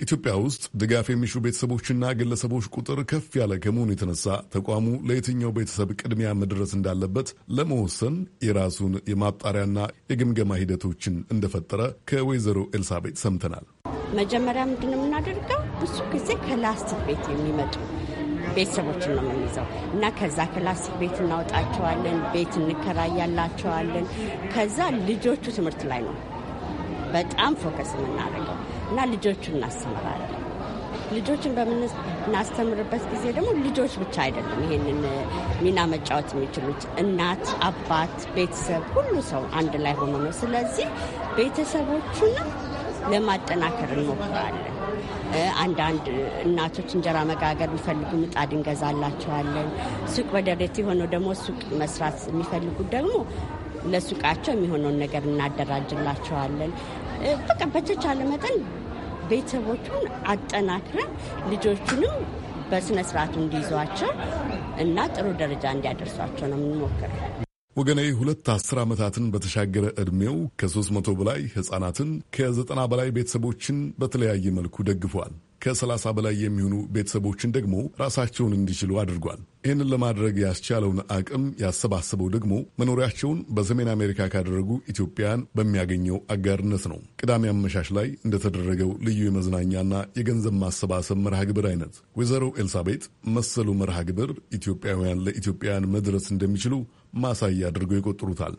ኢትዮጵያ ውስጥ ድጋፍ የሚሹ ቤተሰቦችና ግለሰቦች ቁጥር ከፍ ያለ ከመሆኑ የተነሳ ተቋሙ ለየትኛው ቤተሰብ ቅድሚያ መድረስ እንዳለበት ለመወሰን የራሱን የማጣሪያና የግምገማ ሂደቶችን እንደፈጠረ ከወይዘሮ ኤልሳቤጥ ሰምተናል። መጀመሪያ ምንድን የምናደርገው? ብዙ ጊዜ ከላስቲክ ቤት የሚመጡ ቤተሰቦችን ነው የምንይዘው እና ከዛ ከላስቲክ ቤት እናወጣቸዋለን፣ ቤት እንከራያላቸዋለን። ከዛ ልጆቹ ትምህርት ላይ ነው በጣም ፎከስ የምናደርገው እና ልጆቹ እናስተምራለን። ልጆችን በምናስተምርበት ጊዜ ደግሞ ልጆች ብቻ አይደለም ይሄንን ሚና መጫወት የሚችሉት እናት፣ አባት፣ ቤተሰብ ሁሉ ሰው አንድ ላይ ሆኖ ነው። ስለዚህ ቤተሰቦቹንም ለማጠናከር እንሞክራለን። አንዳንድ እናቶች እንጀራ መጋገር የሚፈልጉ ምጣድ እንገዛላቸዋለን። ሱቅ በደረቴ የሆነው ደግሞ ሱቅ መስራት የሚፈልጉት ደግሞ ለሱቃቸው የሚሆነውን ነገር እናደራጅላቸዋለን። በቃ በተቻለ መጠን ቤተሰቦቹን አጠናክረን ልጆቹንም በስነ ስርዓቱ እንዲይዟቸው እና ጥሩ ደረጃ እንዲያደርሷቸው ነው የምንሞክረው። ወገናዊ ሁለት አስር ዓመታትን በተሻገረ ዕድሜው ከ300 በላይ ሕፃናትን ከ90 በላይ ቤተሰቦችን በተለያየ መልኩ ደግፏል። ከ30 በላይ የሚሆኑ ቤተሰቦችን ደግሞ ራሳቸውን እንዲችሉ አድርጓል። ይህንን ለማድረግ ያስቻለውን አቅም ያሰባሰበው ደግሞ መኖሪያቸውን በሰሜን አሜሪካ ካደረጉ ኢትዮጵያን በሚያገኘው አጋርነት ነው። ቅዳሜ አመሻሽ ላይ እንደተደረገው ልዩ የመዝናኛና የገንዘብ ማሰባሰብ መርሃ ግብር አይነት ወይዘሮ ኤልሳቤጥ መሰሉ መርሃ ግብር ኢትዮጵያውያን ለኢትዮጵያውያን መድረስ እንደሚችሉ ማሳያ አድርገው ይቆጥሩታል።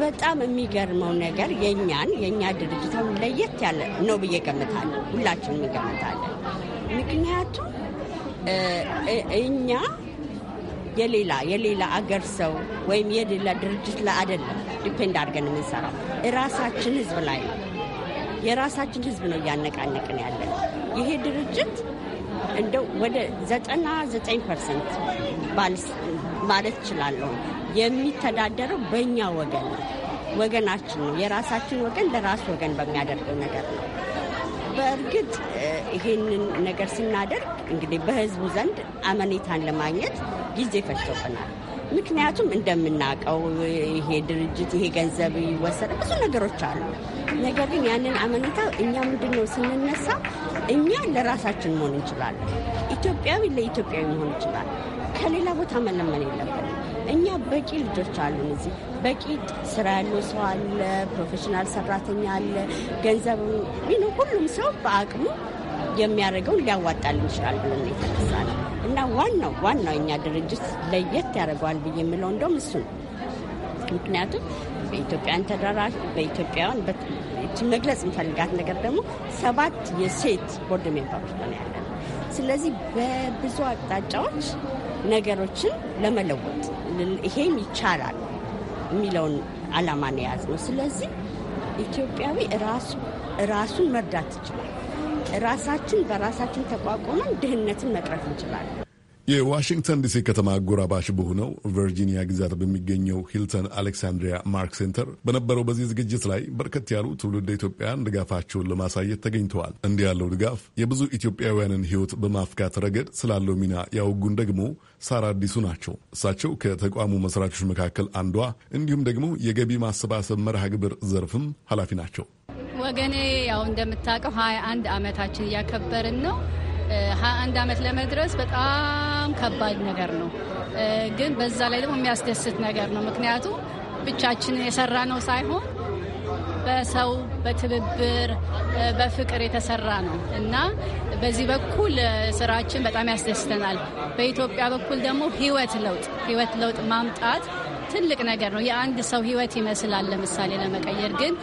በጣም የሚገርመው ነገር የእኛን የእኛ ድርጅታውን ለየት ያለ ነው ብዬ ገምታለሁ። ሁላችንም እንገምታለን። ምክንያቱም እኛ የሌላ የሌላ አገር ሰው ወይም የሌላ ድርጅት ላይ አይደለም ዲፔንድ አድርገን የምንሰራው ራሳችን ህዝብ ላይ ነው። የራሳችን ህዝብ ነው እያነቃነቅን ያለን። ይሄ ድርጅት እንደው ወደ ዘጠና ዘጠኝ ፐርሰንት ማለት እችላለሁ። የሚተዳደረው በእኛ ወገን ነው፣ ወገናችን ነው። የራሳችን ወገን ለራስ ወገን በሚያደርገው ነገር ነው። በእርግጥ ይህንን ነገር ስናደርግ እንግዲህ በህዝቡ ዘንድ አመኔታን ለማግኘት ጊዜ ፈጅቶብናል። ምክንያቱም እንደምናውቀው ይሄ ድርጅት ይሄ ገንዘብ ይወሰደ ብዙ ነገሮች አሉ። ነገር ግን ያንን አመኔታ እኛ ምንድን ነው ስንነሳ እኛ ለራሳችን መሆን እንችላለን። ኢትዮጵያዊ ለኢትዮጵያዊ መሆን እንችላለን። ከሌላ ቦታ መለመን የለብንም። እኛ በቂ ልጆች አሉን እዚህ በቂ ስራ ያለው ሰው አለ፣ ፕሮፌሽናል ሰራተኛ አለ። ገንዘብ ሁሉም ሰው በአቅሙ የሚያደርገውን ሊያዋጣል ይችላል ብለን የተነሳ ነው እና ዋናው ዋናው እኛ ድርጅት ለየት ያደርገዋል ብዬ የምለው እንደውም እሱ ነው። ምክንያቱም በኢትዮጵያን ተደራሽ በኢትዮጵያውያን መግለጽ የምፈልጋት ነገር ደግሞ ሰባት የሴት ቦርድ ሜምበሮች ሆነ ያለ ስለዚህ በብዙ አቅጣጫዎች ነገሮችን ለመለወጥ ይሄም ይቻላል የሚለውን አላማን የያዝ ነው። ስለዚህ ኢትዮጵያዊ ራሱን መርዳት ይችላል። ራሳችን በራሳችን ተቋቁመን ድህነትን መቅረፍ እንችላለን። የዋሽንግተን ዲሲ ከተማ አጎራባሽ በሆነው ቨርጂኒያ ግዛት በሚገኘው ሂልተን አሌክሳንድሪያ ማርክ ሴንተር በነበረው በዚህ ዝግጅት ላይ በርከት ያሉ ትውልደ ኢትዮጵያውያን ድጋፋቸውን ለማሳየት ተገኝተዋል። እንዲህ ያለው ድጋፍ የብዙ ኢትዮጵያውያንን ሕይወት በማፍካት ረገድ ስላለው ሚና ያወጉን ደግሞ ሳራ አዲሱ ናቸው። እሳቸው ከተቋሙ መስራቾች መካከል አንዷ እንዲሁም ደግሞ የገቢ ማሰባሰብ መርሃ ግብር ዘርፍም ኃላፊ ናቸው። ወገኔ ያው እንደምታውቀው ሀያ አንድ ዓመታችን እያከበርን ነው 21 ዓመት ለመድረስ በጣም ከባድ ነገር ነው፣ ግን በዛ ላይ ደግሞ የሚያስደስት ነገር ነው። ምክንያቱም ብቻችንን የሰራ ነው ሳይሆን በሰው በትብብር በፍቅር የተሰራ ነው እና በዚህ በኩል ስራችን በጣም ያስደስተናል። በኢትዮጵያ በኩል ደግሞ ህይወት ለውጥ ህይወት ለውጥ ማምጣት ትልቅ ነገር ነው። የአንድ ሰው ህይወት ይመስላል ለምሳሌ ለመቀየር ግን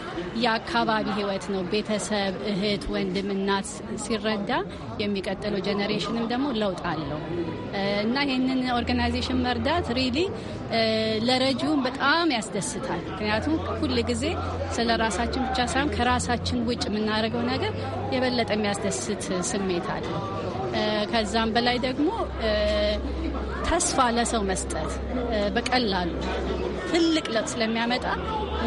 የአካባቢ ህይወት ነው። ቤተሰብ፣ እህት፣ ወንድም፣ እናት ሲረዳ የሚቀጥለው ጀኔሬሽንም ደግሞ ለውጥ አለው እና ይህንን ኦርጋናይዜሽን መርዳት ሪሊ ለረጂውም በጣም ያስደስታል። ምክንያቱም ሁል ጊዜ ስለ ራሳችን ብቻ ሳይሆን ከራሳችን ውጭ የምናደርገው ነገር የበለጠ የሚያስደስት ስሜት አለው። ከዛም በላይ ደግሞ ተስፋ ለሰው መስጠት በቀላሉ ትልቅ ለውጥ ስለሚያመጣ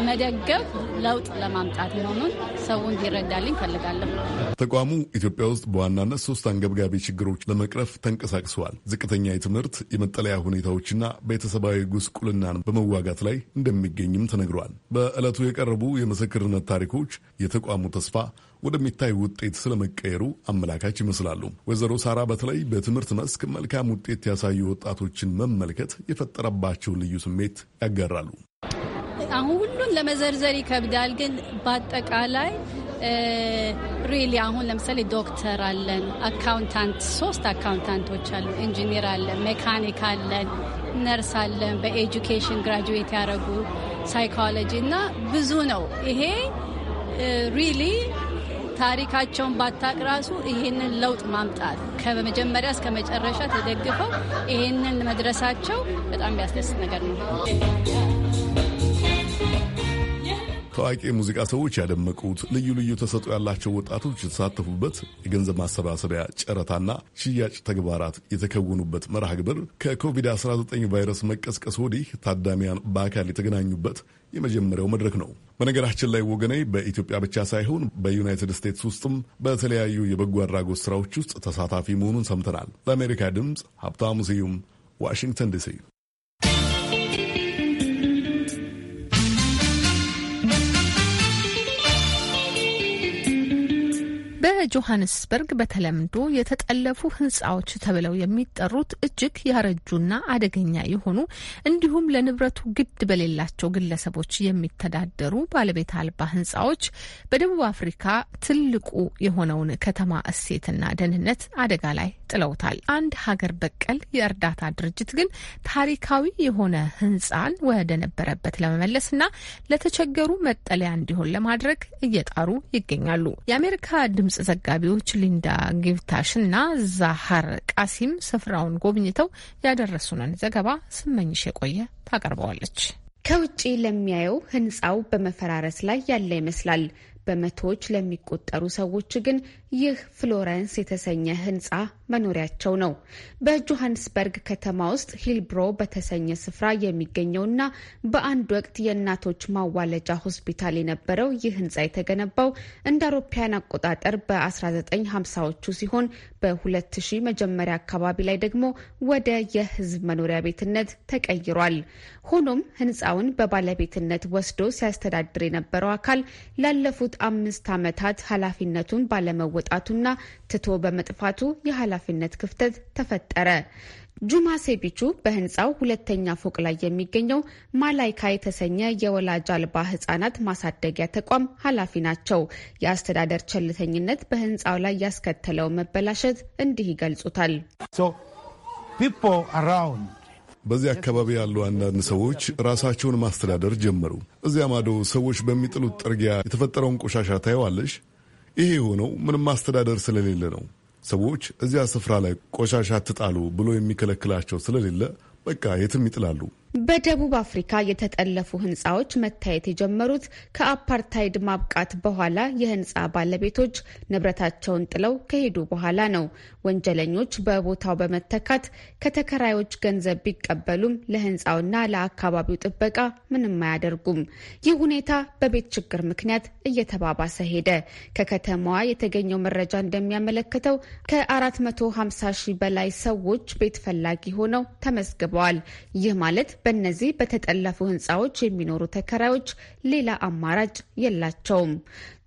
መደገፍ ለውጥ ለማምጣት መሆኑን ሰው እንዲረዳልኝ ፈልጋለሁ። ተቋሙ ኢትዮጵያ ውስጥ በዋናነት ሶስት አንገብጋቢ ችግሮች ለመቅረፍ ተንቀሳቅሰዋል። ዝቅተኛ የትምህርት፣ የመጠለያ ሁኔታዎችና ቤተሰባዊ ጉስቁልናን በመዋጋት ላይ እንደሚገኝም ተነግሯል። በዕለቱ የቀረቡ የምስክርነት ታሪኮች የተቋሙ ተስፋ ወደሚታይ ውጤት ስለመቀየሩ አመላካች ይመስላሉ። ወይዘሮ ሳራ በተለይ በትምህርት መስክ መልካም ውጤት ያሳዩ ወጣቶችን መመልከት የፈጠረባቸው ልዩ ስሜት ያጋራሉ። አሁን ሁሉን ለመዘርዘር ይከብዳል። ግን በአጠቃላይ ሪሊ አሁን ለምሳሌ ዶክተር አለን፣ አካውንታንት ሶስት አካውንታንቶች አሉ፣ ኢንጂኒር አለን፣ ሜካኒክ አለን፣ ነርስ አለን፣ በኤጁኬሽን ግራጁዌት ያደረጉ ሳይኮሎጂ እና ብዙ ነው። ይሄ ሪሊ ታሪካቸውን ባታቅ ራሱ ይሄንን ለውጥ ማምጣት ከመጀመሪያ እስከ መጨረሻ ተደግፈው ይሄንን መድረሳቸው በጣም ያስደስት ነገር ነው። ታዋቂ የሙዚቃ ሰዎች ያደመቁት ልዩ ልዩ ተሰጥኦ ያላቸው ወጣቶች የተሳተፉበት የገንዘብ ማሰባሰቢያ ጨረታና ሽያጭ ተግባራት የተከወኑበት መርሃ ግብር ከኮቪድ-19 ቫይረስ መቀስቀስ ወዲህ ታዳሚያን በአካል የተገናኙበት የመጀመሪያው መድረክ ነው። በነገራችን ላይ ወገኔ በኢትዮጵያ ብቻ ሳይሆን በዩናይትድ ስቴትስ ውስጥም በተለያዩ የበጎ አድራጎት ስራዎች ውስጥ ተሳታፊ መሆኑን ሰምተናል። ለአሜሪካ ድምፅ ሀብታሙ ስዩም ዋሽንግተን ዲሲ ጆሀንስበርግ በተለምዶ የተጠለፉ ህንፃዎች ተብለው የሚጠሩት እጅግ ያረጁና አደገኛ የሆኑ እንዲሁም ለንብረቱ ግድ በሌላቸው ግለሰቦች የሚተዳደሩ ባለቤት አልባ ህንፃዎች በደቡብ አፍሪካ ትልቁ የሆነውን ከተማ እሴትና ደህንነት አደጋ ላይ ጥለውታል። አንድ ሀገር በቀል የእርዳታ ድርጅት ግን ታሪካዊ የሆነ ህንፃን ወደ ነበረበት ለመመለስና ለተቸገሩ መጠለያ እንዲሆን ለማድረግ እየጣሩ ይገኛሉ። የአሜሪካ ድምጽ ዘጋቢዎች ሊንዳ ጊቭታሽ እና ዛሀር ቃሲም ስፍራውን ጎብኝተው ያደረሱንን ዘገባ ስመኝሽ የቆየ ታቀርበዋለች። ከውጭ ለሚያየው ህንፃው በመፈራረስ ላይ ያለ ይመስላል። በመቶዎች ለሚቆጠሩ ሰዎች ግን ይህ ፍሎረንስ የተሰኘ ህንፃ መኖሪያቸው ነው። በጆሃንስበርግ ከተማ ውስጥ ሂልብሮ በተሰኘ ስፍራ የሚገኘውና በአንድ ወቅት የእናቶች ማዋለጃ ሆስፒታል የነበረው ይህ ህንፃ የተገነባው እንደ አውሮፓያን አቆጣጠር በ1950ዎቹ ሲሆን በ2000 መጀመሪያ አካባቢ ላይ ደግሞ ወደ የህዝብ መኖሪያ ቤትነት ተቀይሯል። ሆኖም ህንፃውን በባለቤትነት ወስዶ ሲያስተዳድር የነበረው አካል ላለፉት አምስት ዓመታት ኃላፊነቱን ባለመወጣቱና ትቶ በመጥፋቱ የኃላፊነት ክፍተት ተፈጠረ። ጁማ ሴቢቹ በህንፃው ሁለተኛ ፎቅ ላይ የሚገኘው ማላይካ የተሰኘ የወላጅ አልባ ህጻናት ማሳደጊያ ተቋም ኃላፊ ናቸው። የአስተዳደር ቸልተኝነት በህንፃው ላይ ያስከተለው መበላሸት እንዲህ ይገልጹታል። በዚህ አካባቢ ያሉ አንዳንድ ሰዎች ራሳቸውን ማስተዳደር ጀመሩ። እዚያ ማዶ ሰዎች በሚጥሉት ጥርጊያ የተፈጠረውን ቆሻሻ ታየዋለሽ። ይሄ የሆነው ምንም ማስተዳደር ስለሌለ ነው። ሰዎች እዚያ ስፍራ ላይ ቆሻሻ ትጣሉ ብሎ የሚከለክላቸው ስለሌለ በቃ የትም ይጥላሉ። በደቡብ አፍሪካ የተጠለፉ ህንፃዎች መታየት የጀመሩት ከአፓርታይድ ማብቃት በኋላ የህንፃ ባለቤቶች ንብረታቸውን ጥለው ከሄዱ በኋላ ነው። ወንጀለኞች በቦታው በመተካት ከተከራዮች ገንዘብ ቢቀበሉም ለህንፃውና ለአካባቢው ጥበቃ ምንም አያደርጉም። ይህ ሁኔታ በቤት ችግር ምክንያት እየተባባሰ ሄደ። ከከተማዋ የተገኘው መረጃ እንደሚያመለክተው ከ450 ሺህ በላይ ሰዎች ቤት ፈላጊ ሆነው ተመዝግበዋል። ይህ ማለት በእነዚህ በተጠለፉ ህንፃዎች የሚኖሩ ተከራዮች ሌላ አማራጭ የላቸውም።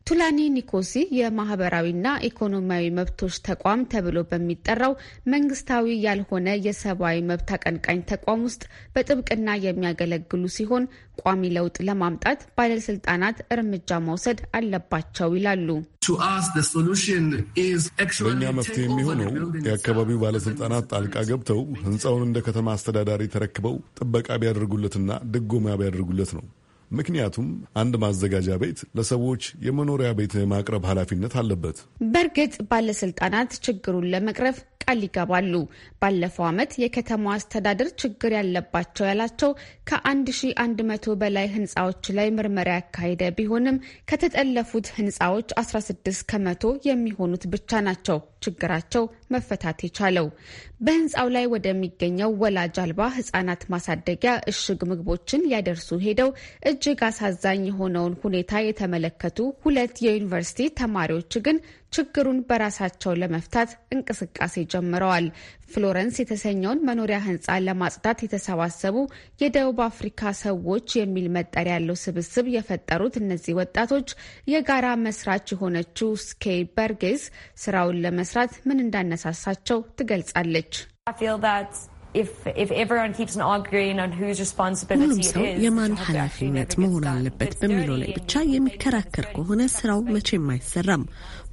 ቱላኒ ኒኮሲ የማህበራዊና ኢኮኖሚያዊ መብቶች ተቋም ተብሎ በሚጠራው መንግስታዊ ያልሆነ የሰብአዊ መብት አቀንቃኝ ተቋም ውስጥ በጥብቅና የሚያገለግሉ ሲሆን ቋሚ ለውጥ ለማምጣት ባለስልጣናት እርምጃ መውሰድ አለባቸው ይላሉ። ለእኛ መፍትሄ የሚሆነው የአካባቢው ባለስልጣናት ጣልቃ ገብተው ህንፃውን እንደ ከተማ አስተዳዳሪ ተረክበው ጥበቃ ቢያደርጉለትና ድጎማ ቢያደርጉለት ነው። ምክንያቱም አንድ ማዘጋጃ ቤት ለሰዎች የመኖሪያ ቤት ማቅረብ ኃላፊነት አለበት። በእርግጥ ባለስልጣናት ችግሩን ለመቅረፍ ቃል ይገባሉ። ባለፈው ዓመት የከተማ አስተዳደር ችግር ያለባቸው ያላቸው ከ1100 በላይ ህንፃዎች ላይ ምርመራ ያካሄደ ቢሆንም ከተጠለፉት ህንፃዎች 16 ከመቶ የሚሆኑት ብቻ ናቸው ችግራቸው መፈታት የቻለው። በህንፃው ላይ ወደሚገኘው ወላጅ አልባ ህጻናት ማሳደጊያ እሽግ ምግቦችን ያደርሱ ሄደው እጅግ አሳዛኝ የሆነውን ሁኔታ የተመለከቱ ሁለት የዩኒቨርሲቲ ተማሪዎች ግን ችግሩን በራሳቸው ለመፍታት እንቅስቃሴ ጀምረዋል። ፍሎረንስ የተሰኘውን መኖሪያ ህንፃ ለማጽዳት የተሰባሰቡ የደቡብ አፍሪካ ሰዎች የሚል መጠሪያ ያለው ስብስብ የፈጠሩት እነዚህ ወጣቶች የጋራ መስራች የሆነችው ስኬ በርጌዝ ስራውን ለመስራት ምን እንዳነሳሳቸው ትገልጻለች። ሁሉም ሰው የማን ኃላፊነት መሆን አለበት በሚለው ላይ ብቻ የሚከራከር ከሆነ ስራው መቼም አይሰራም።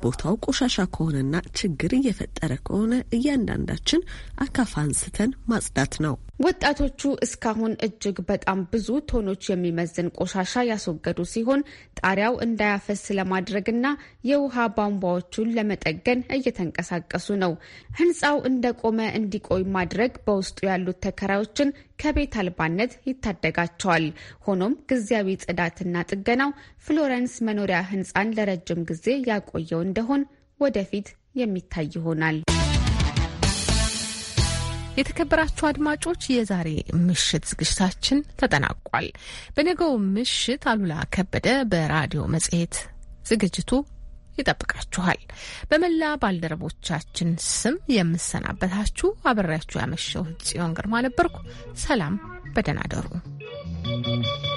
ቦታው ቆሻሻ ከሆነና ችግር እየፈጠረ ከሆነ እያንዳንዳችን አካፋ አንስተን ማጽዳት ነው። ወጣቶቹ እስካሁን እጅግ በጣም ብዙ ቶኖች የሚመዝን ቆሻሻ ያስወገዱ ሲሆን ጣሪያው እንዳያፈስ ለማድረግና የውሃ ቧንቧዎቹን ለመጠገን እየተንቀሳቀሱ ነው። ሕንፃው እንደቆመ እንዲቆይ ማድረግ በውስጡ ያሉት ተከራዮችን ከቤት አልባነት ይታደጋቸዋል። ሆኖም ጊዜያዊ ጽዳትና ጥገናው ፍሎረንስ መኖሪያ ሕንፃን ለረጅም ጊዜ ያቆየው እንደሆን ወደፊት የሚታይ ይሆናል። የተከበራችሁ አድማጮች የዛሬ ምሽት ዝግጅታችን ተጠናቋል። በነገው ምሽት አሉላ ከበደ በራዲዮ መጽሔት ዝግጅቱ ይጠብቃችኋል። በመላ ባልደረቦቻችን ስም የምሰናበታችሁ አበሬያችሁ ያመሸው ጽዮን ግርማ ነበርኩ። ሰላም፣ በደህና you.